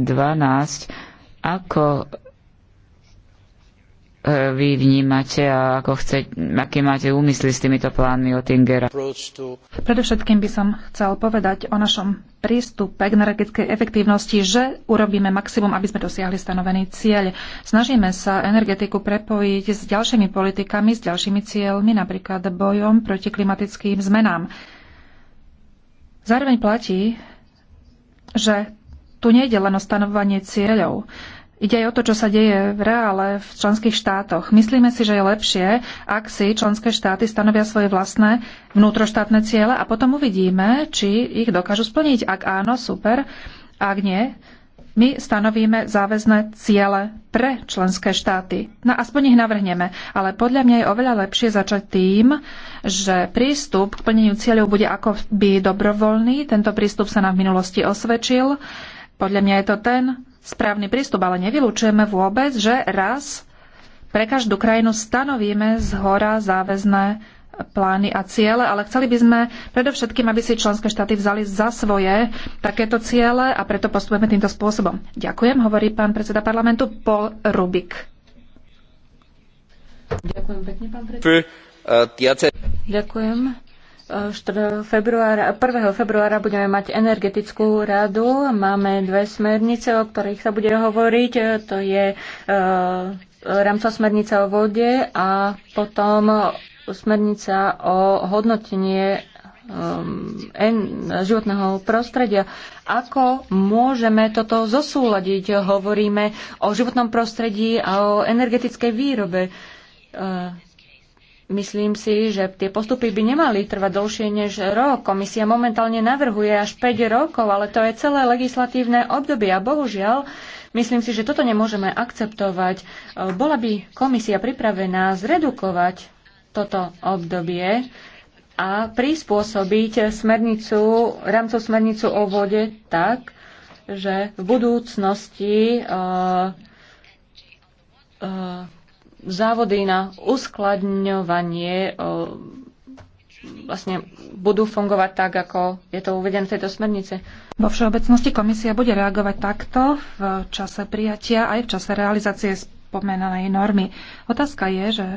Ako e, vy vnímate a ako chce, aký máte úmysly s týmito plánmi Otingera? Predovšetkým by som chcel povedať o našom prístupe k energetickej efektívnosti, že urobíme maximum, aby sme dosiahli stanovený cieľ. Snažíme sa energetiku prepojiť s ďalšími politikami, s ďalšími cieľmi, napríklad bojom proti klimatickým zmenám. Zároveň platí, že tu nejde len o stanovanie cieľov. Ide aj o to, čo sa deje v reále v členských štátoch. Myslíme si, že je lepšie, ak si členské štáty stanovia svoje vlastné vnútroštátne ciele a potom uvidíme, či ich dokážu splniť. Ak áno, super. Ak nie, my stanovíme záväzné ciele pre členské štáty. No aspoň ich navrhneme, ale podľa mňa je oveľa lepšie začať tým, že prístup k plneniu cieľov bude ako by dobrovoľný. Tento prístup sa nám v minulosti osvedčil. Podľa mňa je to ten správny prístup, ale nevylučujeme vôbec, že raz pre každú krajinu stanovíme zhora záväzné plány a ciele, ale chceli by sme predovšetkým, aby si členské štáty vzali za svoje takéto ciele a preto postupujeme týmto spôsobom. Ďakujem, hovorí pán predseda parlamentu Paul Rubik. Ďakujem pekne, pán predseda. Ďakujem. 4. Februára, 1. februára budeme mať energetickú radu. Máme dve smernice, o ktorých sa bude hovoriť. To je eh, rámcová smernica o vode a potom smernica o hodnotenie um, životného prostredia. Ako môžeme toto zosúľadiť? Hovoríme o životnom prostredí a o energetickej výrobe. Uh, myslím si, že tie postupy by nemali trvať dlhšie než rok. Komisia momentálne navrhuje až 5 rokov, ale to je celé legislatívne obdobie a bohužiaľ myslím si, že toto nemôžeme akceptovať. Uh, bola by komisia pripravená zredukovať toto obdobie a prispôsobiť smernicu, rámcov smernicu o vode tak, že v budúcnosti uh, uh, závody na uskladňovanie uh, vlastne budú fungovať tak, ako je to uvedené v tejto smernice. Vo všeobecnosti komisia bude reagovať takto v čase prijatia aj v čase realizácie spomenanej normy. Otázka je, že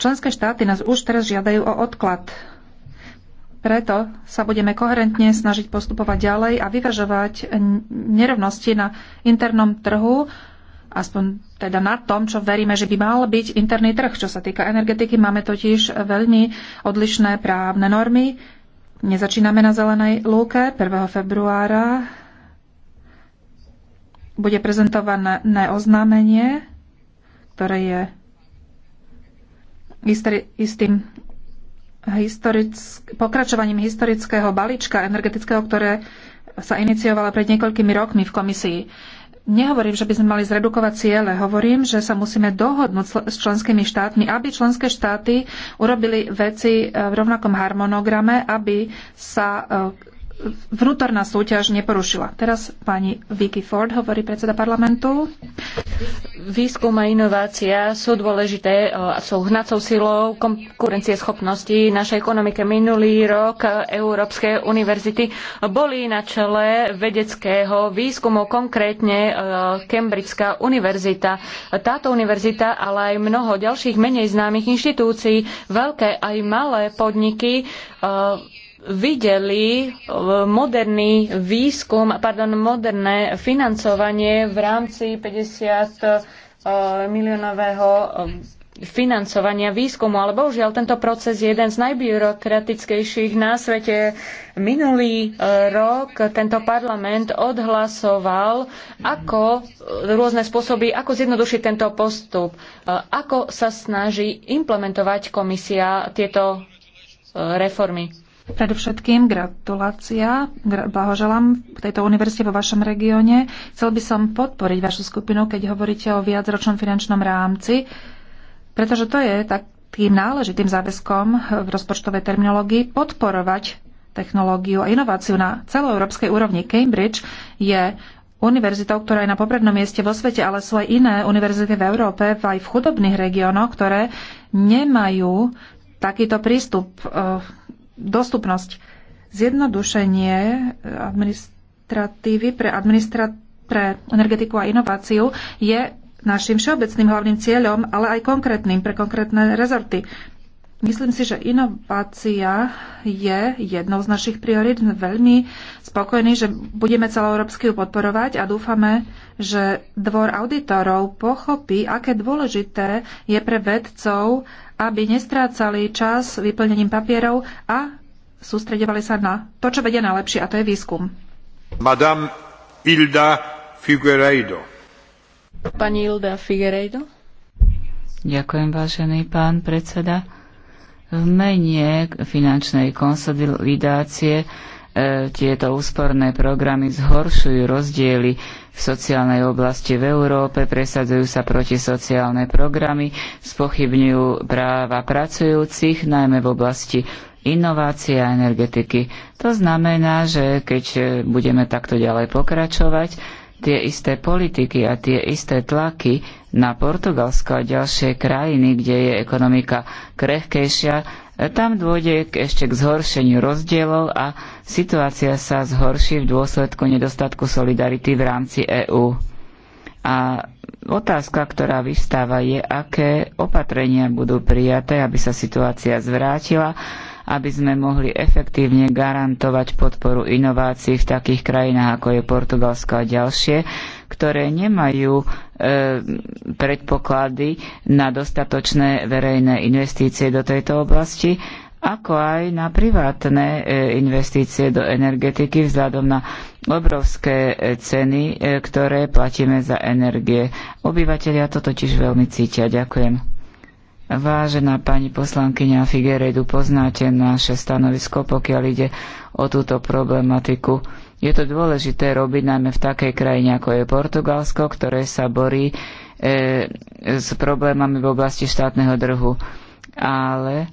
Členské štáty nás už teraz žiadajú o odklad. Preto sa budeme koherentne snažiť postupovať ďalej a vyvažovať nerovnosti na internom trhu, aspoň teda na tom, čo veríme, že by mal byť interný trh. Čo sa týka energetiky, máme totiž veľmi odlišné právne normy. Nezačíname na zelenej lúke 1. februára. Bude prezentované oznámenie, ktoré je istým historick, pokračovaním historického balíčka energetického, ktoré sa iniciovala pred niekoľkými rokmi v komisii. Nehovorím, že by sme mali zredukovať ciele, hovorím, že sa musíme dohodnúť s členskými štátmi, aby členské štáty urobili veci eh, v rovnakom harmonograme, aby sa eh, vnútorná súťaž neporušila. Teraz pani Vicky Ford hovorí predseda parlamentu. Výskum a inovácia sú dôležité, e, a sú hnacou silou konkurencie schopnosti našej ekonomike. Minulý rok Európske univerzity boli na čele vedeckého výskumu, konkrétne e, Cambridgeská univerzita. Táto univerzita, ale aj mnoho ďalších menej známych inštitúcií, veľké aj malé podniky e, videli eh, moderný výskum, pardon, moderné financovanie v rámci 50 eh, miliónového eh, financovania výskumu, ale bohužiaľ tento proces je jeden z najbyrokratickejších na svete. Minulý rok tento parlament odhlasoval, ako rôzne spôsoby, ako zjednodušiť tento postup, ako sa snaží implementovať komisia tieto reformy. Predovšetkým gratulácia, blahoželám k tejto univerzite vo vašom regióne. Chcel by som podporiť vašu skupinu, keď hovoríte o viacročnom finančnom rámci, pretože to je takým náležitým záväzkom v rozpočtovej terminológii podporovať technológiu a inováciu na celoeurópskej úrovni. Cambridge je univerzitou, ktorá je na poprednom mieste vo svete, ale sú aj iné univerzity v Európe, aj v chudobných regiónoch, ktoré nemajú takýto prístup eh, dostupnosť. Zjednodušenie administratívy pre, administra- pre energetiku a inováciu je našim všeobecným hlavným cieľom, ale aj konkrétnym pre konkrétne rezorty. Myslím si, že inovácia je jednou z našich priorít. Sme veľmi spokojní, že budeme celoeurópsky ju podporovať a dúfame, že dvor auditorov pochopí, aké dôležité je pre vedcov, aby nestrácali čas vyplnením papierov a sústredovali sa na to, čo vedia najlepšie, a to je výskum. Madame Hilda Figueiredo. Pani Hilda Figueiredo. Ďakujem, vážený pán predseda. V mene finančnej konsolidácie e, tieto úsporné programy zhoršujú rozdiely v sociálnej oblasti v Európe, presadzujú sa proti sociálne programy, spochybňujú práva pracujúcich, najmä v oblasti inovácie a energetiky. To znamená, že keď e, budeme takto ďalej pokračovať, tie isté politiky a tie isté tlaky na Portugalsko a ďalšie krajiny, kde je ekonomika krehkejšia, e, tam dôjde k, ešte k zhoršeniu rozdielov a situácia sa zhorší v dôsledku nedostatku solidarity v rámci EÚ. A otázka, ktorá vystáva, je, aké opatrenia budú prijaté, aby sa situácia zvrátila, aby sme mohli efektívne garantovať podporu inovácií v takých krajinách, ako je Portugalsko a ďalšie, ktoré nemajú e, predpoklady na dostatočné verejné investície do tejto oblasti, ako aj na privátne e, investície do energetiky vzhľadom na obrovské e, ceny, e, ktoré platíme za energie. Obyvateľia to totiž veľmi cítia. Ďakujem. Vážená pani poslankyňa Figueredu, poznáte naše stanovisko, pokiaľ ide o túto problematiku. Je to dôležité robiť najmä v takej krajine, ako je Portugalsko, ktoré sa borí e, s problémami v oblasti štátneho drhu. Ale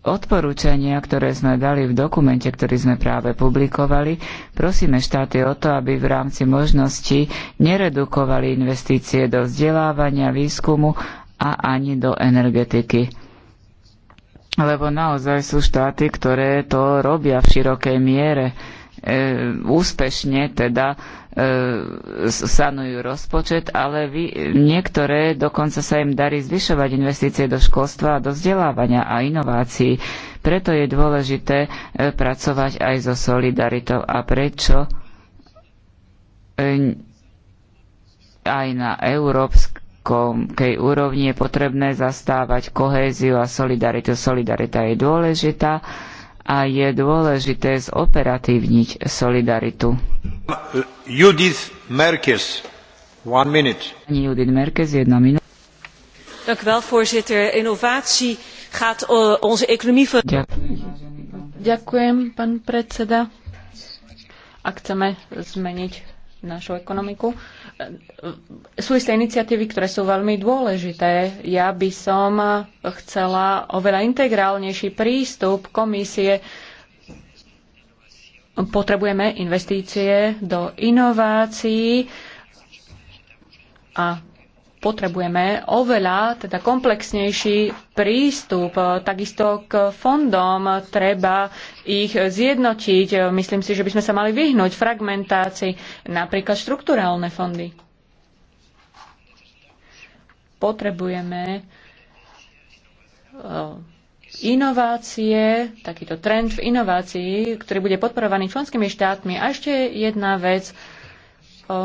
odporúčania, ktoré sme dali v dokumente, ktorý sme práve publikovali, prosíme štáty o to, aby v rámci možností neredukovali investície do vzdelávania, výskumu a ani do energetiky. Lebo naozaj sú štáty, ktoré to robia v širokej miere E, úspešne teda e, sanujú rozpočet, ale vy, niektoré dokonca sa im darí zvyšovať investície do školstva a do vzdelávania a inovácií. Preto je dôležité e, pracovať aj so solidaritou. A prečo aj na európskej úrovni je potrebné zastávať kohéziu a solidaritu. Solidarita je dôležitá a je dôležité zoperatívniť solidaritu. Judith Merkes, one minute. Judith Merkes, jedna minúta. Dank u wel, voorzitter. Innovatie gaat eh, onze economie... Ďakujem, pán predseda. Ak chceme zmeniť našu ekonomiku. Sú isté iniciatívy, ktoré sú veľmi dôležité. Ja by som chcela oveľa integrálnejší prístup komisie. Potrebujeme investície do inovácií a potrebujeme oveľa teda komplexnejší prístup. Takisto k fondom treba ich zjednotiť. Myslím si, že by sme sa mali vyhnúť fragmentácii, napríklad štrukturálne fondy. Potrebujeme e, inovácie, takýto trend v inovácii, ktorý bude podporovaný členskými štátmi. A ešte jedna vec. E,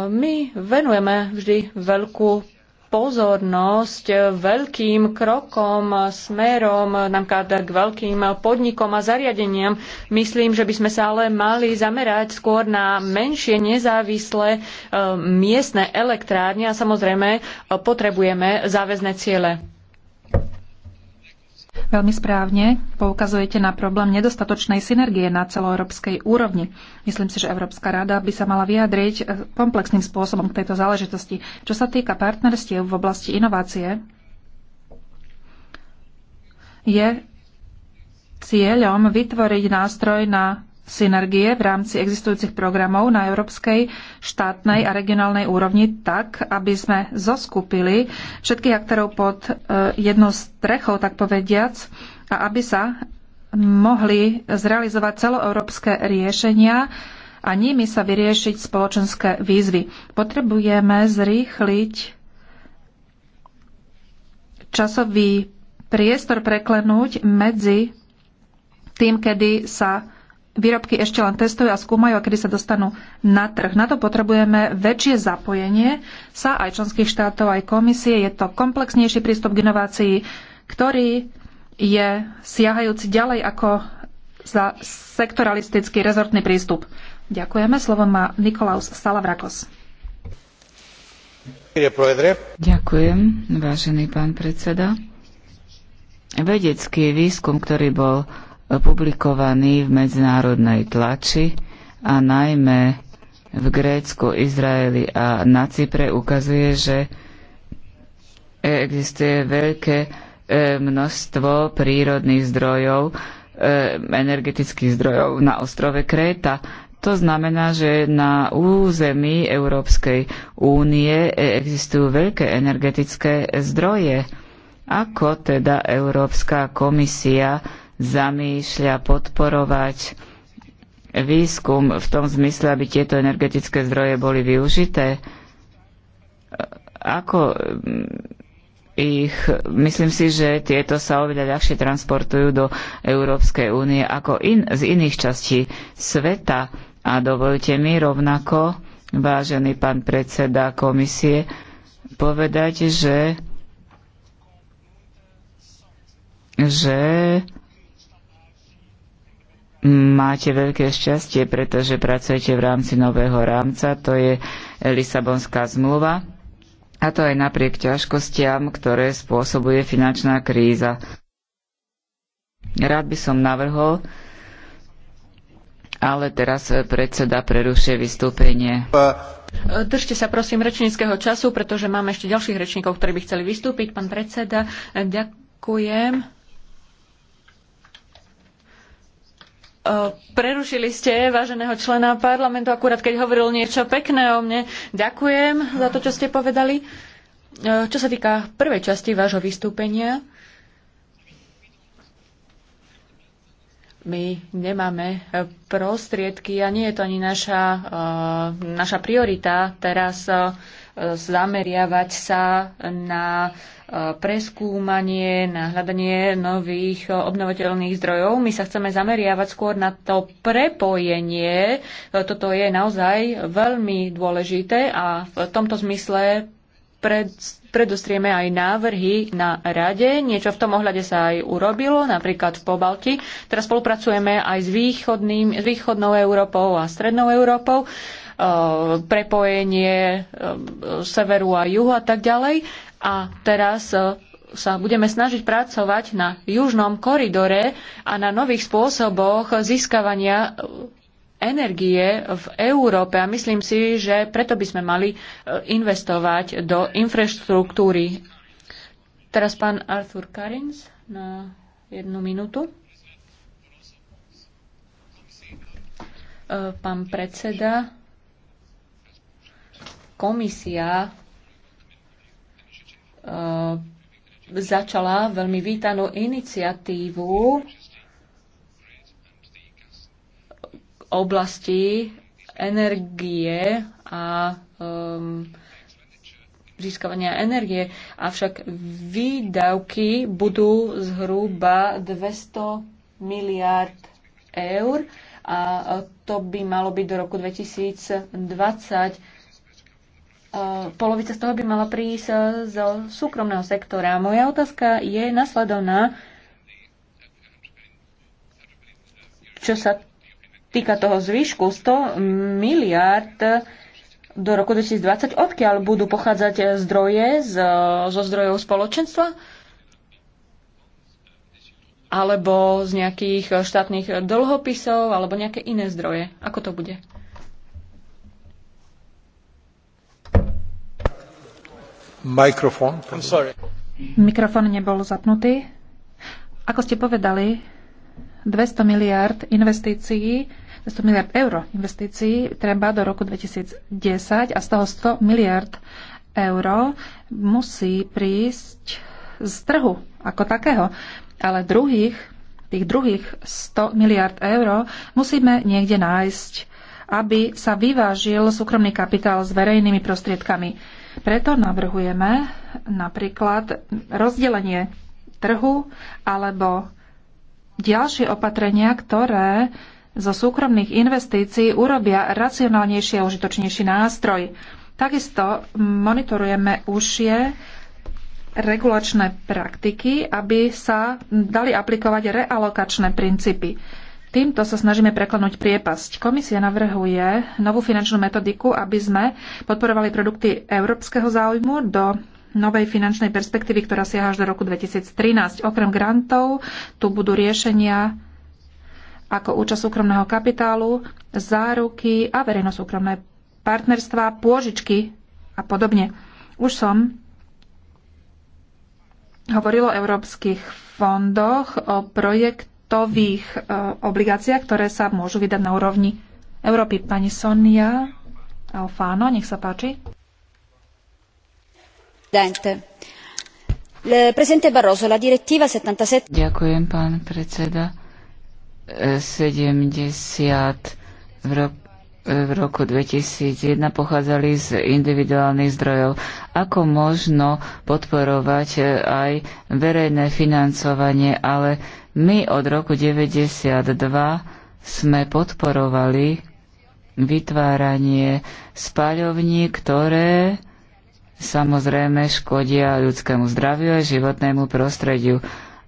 my venujeme vždy veľkú pozornosť veľkým krokom smerom napríklad k veľkým podnikom a zariadeniam. Myslím, že by sme sa ale mali zamerať skôr na menšie nezávislé eh, miestne elektrárne a samozrejme eh, potrebujeme záväzne ciele. Veľmi správne poukazujete na problém nedostatočnej synergie na celoeurópskej úrovni. Myslím si, že Európska rada by sa mala vyjadriť eh, komplexným spôsobom k tejto záležitosti. Čo sa týka partnerstiev v oblasti inovácie, je cieľom vytvoriť nástroj na synergie v rámci existujúcich programov na európskej, štátnej a regionálnej úrovni tak, aby sme zoskupili všetkých aktérov pod e, jednou strechou, tak povediac, a aby sa mohli zrealizovať celoeurópske riešenia a nimi sa vyriešiť spoločenské výzvy. Potrebujeme zrýchliť časový priestor preklenúť medzi tým, kedy sa výrobky ešte len testujú a skúmajú a kedy sa dostanú na trh. Na to potrebujeme väčšie zapojenie sa aj členských štátov, aj komisie. Je to komplexnejší prístup k inovácii, ktorý je siahajúci ďalej ako za sektoralistický rezortný prístup. Ďakujeme. Slovo má Nikolaus Salavrakos. Ďakujem, vážený pán predseda. Vedecký výskum, ktorý bol publikovaný v medzinárodnej tlači a najmä v Grécku, Izraeli a na Cypre ukazuje, že existuje veľké e, množstvo prírodných zdrojov, e, energetických zdrojov na ostrove Kréta. To znamená, že na území Európskej únie e, existujú veľké energetické zdroje. Ako teda Európska komisia zamýšľa podporovať výskum v tom zmysle, aby tieto energetické zdroje boli využité? Ako mm, ich, myslím si, že tieto sa oveľa ľahšie transportujú do Európskej únie ako in, z iných častí sveta. A dovolte mi rovnako, vážený pán predseda komisie, povedať, že že máte veľké šťastie, pretože pracujete v rámci nového rámca, to je Lisabonská zmluva, a to aj napriek ťažkostiam, ktoré spôsobuje finančná kríza. Rád by som navrhol, ale teraz predseda prerušuje vystúpenie. Držte sa prosím rečníckého času, pretože máme ešte ďalších rečníkov, ktorí by chceli vystúpiť. Pán predseda, ďakujem. Eh, prerušili ste váženého člena parlamentu akurát, keď hovoril niečo pekné o mne. Ďakujem za to, čo ste povedali. Eh, čo sa týka prvej časti vášho vystúpenia, my nemáme eh, prostriedky a nie je to ani naša, naša priorita teraz zameriavať sa na e, preskúmanie, na hľadanie nových obnovateľných zdrojov. My sa chceme zameriavať skôr na to prepojenie. E, toto je naozaj veľmi dôležité a v tomto zmysle pred predostrieme aj návrhy na rade. Niečo v tom ohľade sa aj urobilo, napríklad v Pobalti. Teraz spolupracujeme aj s, východným, s východnou Európou a strednou Európou e, prepojenie e, severu a juhu a tak ďalej. A teraz e, sa budeme snažiť pracovať na južnom koridore a na nových spôsoboch získavania energie v Európe a myslím si, že preto by sme mali e, investovať do infraštruktúry. Teraz pán Arthur Karins na jednu minútu. E, pán predseda, komisia e, začala veľmi vítanú iniciatívu oblasti energie a um, získavania energie, avšak výdavky budú zhruba 200 miliárd eur a to by malo byť do roku 2020. E, polovica z toho by mala prísť zo súkromného sektora. Moja otázka je nasledovná. Čo sa týka toho zvyšku 100 miliard do roku 2020, odkiaľ budú pochádzať zdroje z, zo zdrojov spoločenstva? Alebo z nejakých štátnych dlhopisov, alebo nejaké iné zdroje? Ako to bude? Mikrofón. Mikrofón nebol zapnutý. Ako ste povedali, 200 miliard investícií 100 miliard eur investícií treba do roku 2010 a z toho 100 miliard eur musí prísť z trhu ako takého. Ale druhých, tých druhých 100 miliard eur musíme niekde nájsť, aby sa vyvážil súkromný kapitál s verejnými prostriedkami. Preto navrhujeme napríklad rozdelenie trhu alebo ďalšie opatrenia, ktoré zo súkromných investícií urobia racionálnejší a užitočnejší nástroj. Takisto monitorujeme užšie regulačné praktiky, aby sa dali aplikovať realokačné princípy. Týmto sa snažíme preklenúť priepasť. Komisia navrhuje novú finančnú metodiku, aby sme podporovali produkty európskeho záujmu do novej finančnej perspektívy, ktorá siaha až do roku 2013. Okrem grantov tu budú riešenia ako účasť súkromného kapitálu, záruky a verejnosúkromné partnerstva, pôžičky a podobne. Už som hovoril o európskych fondoch, o projektových e, obligáciách, ktoré sa môžu vydať na úrovni Európy. Pani Sonia Alfano, nech sa páči. Ďakujem, pán predseda 70 v, ro- v roku 2001 pochádzali z individuálnych zdrojov. Ako možno podporovať eh, aj verejné financovanie, ale my od roku 92 sme podporovali vytváranie spaľovní, ktoré samozrejme škodia ľudskému zdraviu a životnému prostrediu.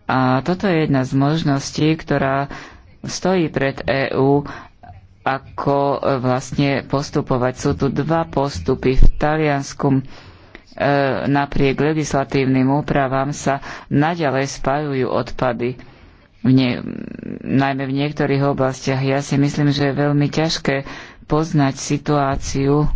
A toto je jedna z možností, ktorá stojí pred EÚ, ako e, vlastne postupovať. Sú tu dva postupy. V Taliansku e, napriek legislatívnym úpravám sa naďalej spájujú odpady. V nie, najmä v niektorých oblastiach. Ja si myslím, že je veľmi ťažké poznať situáciu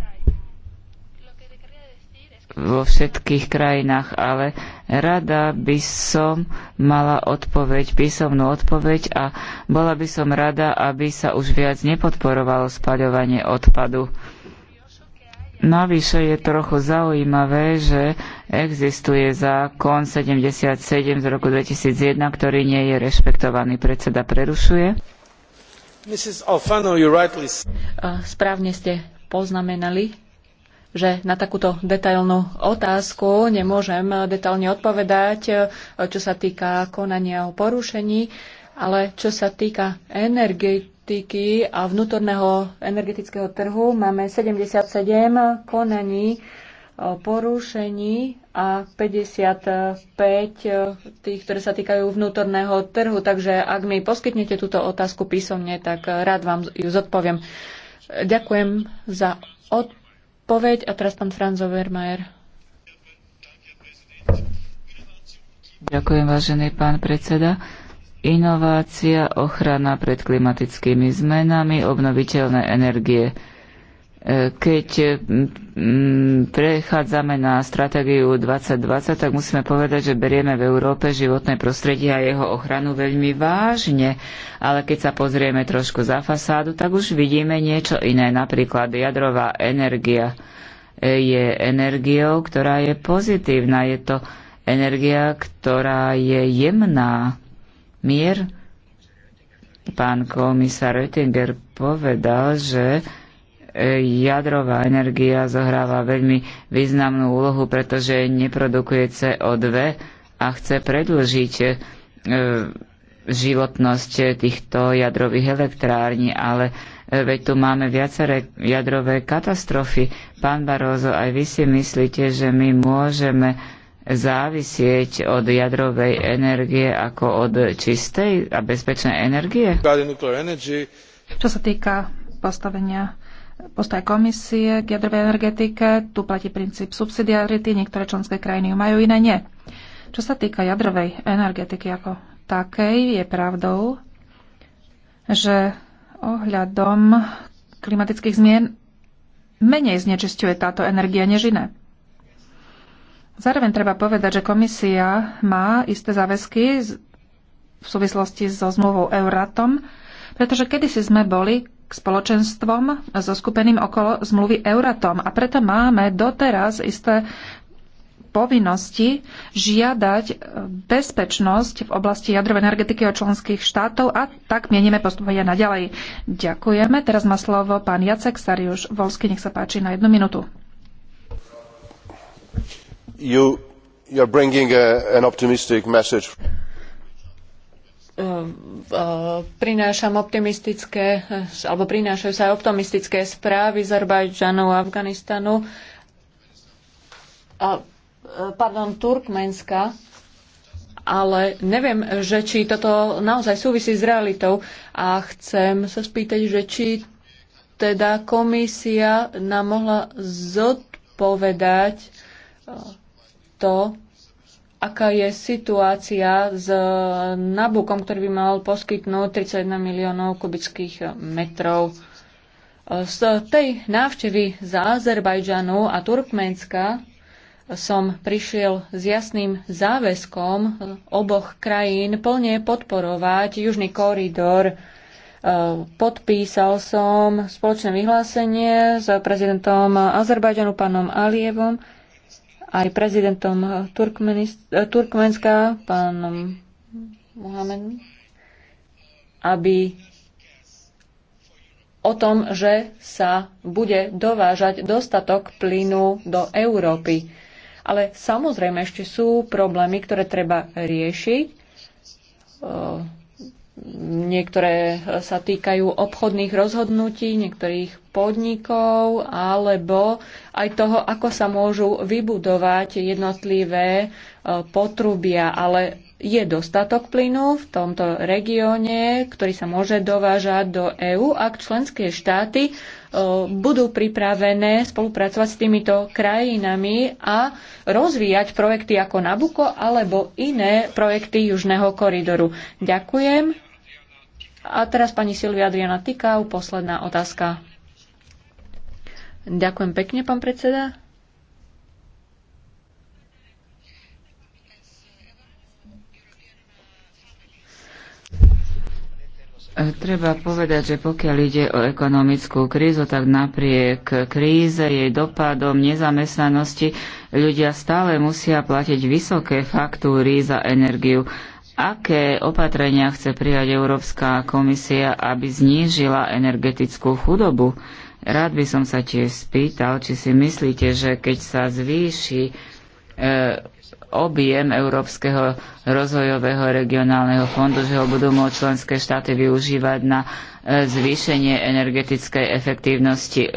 vo všetkých krajinách, ale rada by som mala odpoveď, písomnú odpoveď a bola by som rada, aby sa už viac nepodporovalo spaľovanie odpadu. Navyše je trochu zaujímavé, že existuje zákon 77 z roku 2001, ktorý nie je rešpektovaný. Predseda prerušuje. Mrs. Alfano, you rightly... Správne ste poznamenali, že na takúto detailnú otázku nemôžem detailne odpovedať, čo sa týka konania o porušení, ale čo sa týka energetiky a vnútorného energetického trhu, máme 77 konaní o porušení a 55 tých, ktoré sa týkajú vnútorného trhu. Takže ak mi poskytnete túto otázku písomne, tak rád vám ju zodpoviem. Ďakujem za odpoveď odpoveď a teraz pán Franz Overmajer. Ďakujem, vážený pán predseda. Inovácia, ochrana pred klimatickými zmenami, obnoviteľné energie keď eh, prechádzame na stratégiu 2020, tak musíme povedať, že berieme v Európe životné prostredie a jeho ochranu veľmi vážne. Ale keď sa pozrieme trošku za fasádu, tak už vidíme niečo iné. Napríklad jadrová energia eh, je energiou, ktorá je pozitívna. Je to energia, ktorá je jemná. Mier, pán komisár Oettinger povedal, že E, jadrová energia zohráva veľmi významnú úlohu, pretože neprodukuje CO2 a chce predlžiť e, životnosť týchto jadrových elektrární, ale e, veď tu máme viaceré jadrové katastrofy. Pán Barózo, aj vy si myslíte, že my môžeme závisieť od jadrovej energie ako od čistej a bezpečnej energie? Čo sa týka postavenia postoj komisie k jadrovej energetike. Tu platí princíp subsidiarity, niektoré členské krajiny ju majú, iné nie. Čo sa týka jadrovej energetiky ako takej, je pravdou, že ohľadom klimatických zmien menej znečisťuje táto energia než iné. Zároveň treba povedať, že komisia má isté záväzky v súvislosti so zmluvou Euratom, pretože kedysi sme boli k spoločenstvom so skupeným okolo zmluvy Euratom. A preto máme doteraz isté povinnosti žiadať e, bezpečnosť v oblasti jadrovej energetiky od členských štátov a tak mienime postupovať naďalej. Ďakujeme. Teraz má slovo pán Jacek Sariuš Volsky. Nech sa páči na jednu minútu. You, you're bringing a, uh, an optimistic message. Ehm, e, prinášam optimistické, alebo prinášajú sa aj optimistické správy z Arbajdžanu a Afganistanu, a, e, pardon, Turkmenska, ale neviem, že či toto naozaj súvisí s realitou a chcem sa spýtať, že či teda komisia nám mohla zodpovedať e, to, aká je situácia s eh, Nabukom, ktorý by mal poskytnúť 31 miliónov kubických eh, metrov. Eh, z tej návštevy z Azerbajdžanu a Turkmenska som prišiel s jasným záväzkom oboch krajín plne podporovať južný koridor. Podpísal som spoločné vyhlásenie s prezidentom Azerbajdžanu, pánom Alievom, aj prezidentom Turkmenska, pánom Mohamedom, aby o tom, že sa bude dovážať dostatok plynu do Európy. Ale samozrejme ešte sú problémy, ktoré treba riešiť Niektoré e, sa týkajú obchodných rozhodnutí, niektorých podnikov alebo aj toho, ako sa môžu vybudovať jednotlivé e, potrubia. Ale je dostatok plynu v tomto regióne, ktorý sa môže dovážať do EÚ, ak členské štáty e, budú pripravené spolupracovať s týmito krajinami a rozvíjať projekty ako Nabuko alebo iné projekty Južného koridoru. Ďakujem. A teraz pani Silvia Adriana Tykau, posledná otázka. Ďakujem pekne, pán predseda. Treba povedať, že pokiaľ ide o ekonomickú krízu, tak napriek kríze, jej dopadom, nezamestnanosti, ľudia stále musia platiť vysoké faktúry za energiu. Aké opatrenia chce prijať Európska komisia, aby znížila energetickú chudobu? Rád by som sa tiež spýtal, či si myslíte, že keď sa zvýši e, objem Európskeho rozvojového regionálneho fondu, že ho budú môcť členské štáty využívať na e, zvýšenie energetickej efektívnosti e,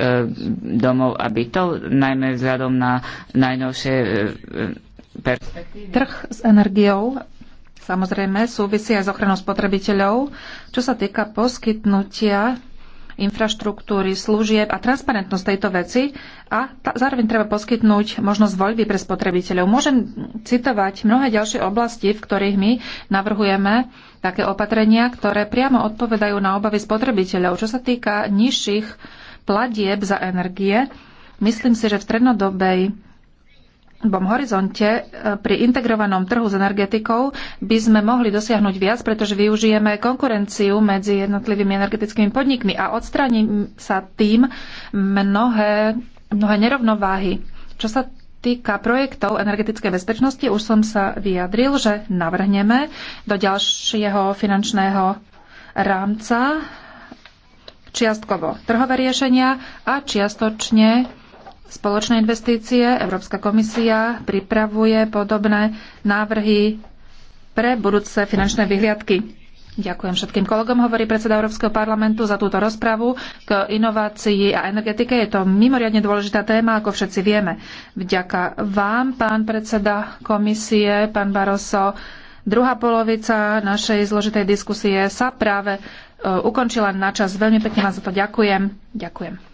domov a bytov, najmä vzhľadom na najnovšie e, perspektívy. Trh s energiou samozrejme súvisí aj s ochranou spotrebiteľov, čo sa týka poskytnutia infraštruktúry, služieb a transparentnosť tejto veci a ta, zároveň treba poskytnúť možnosť voľby pre spotrebiteľov. Môžem citovať mnohé ďalšie oblasti, v ktorých my navrhujeme také opatrenia, ktoré priamo odpovedajú na obavy spotrebiteľov. Čo sa týka nižších platieb za energie, myslím si, že v strednodobej dlhodobom horizonte e, pri integrovanom trhu s energetikou by sme mohli dosiahnuť viac, pretože využijeme konkurenciu medzi jednotlivými energetickými podnikmi a odstráni sa tým mnohé, mnohé nerovnováhy. Čo sa týka projektov energetickej bezpečnosti, už som sa vyjadril, že navrhneme do ďalšieho finančného rámca čiastkovo trhové riešenia a čiastočne spoločné investície. Európska komisia pripravuje podobné návrhy pre budúce finančné vyhliadky. Ďakujem všetkým kolegom, hovorí predseda Európskeho parlamentu za túto rozpravu k inovácii a energetike. Je to mimoriadne dôležitá téma, ako všetci vieme. Vďaka vám, pán predseda komisie, pán Baroso. Druhá polovica našej zložitej diskusie sa práve e, ukončila na čas. Veľmi pekne vám za to ďakujem. Ďakujem.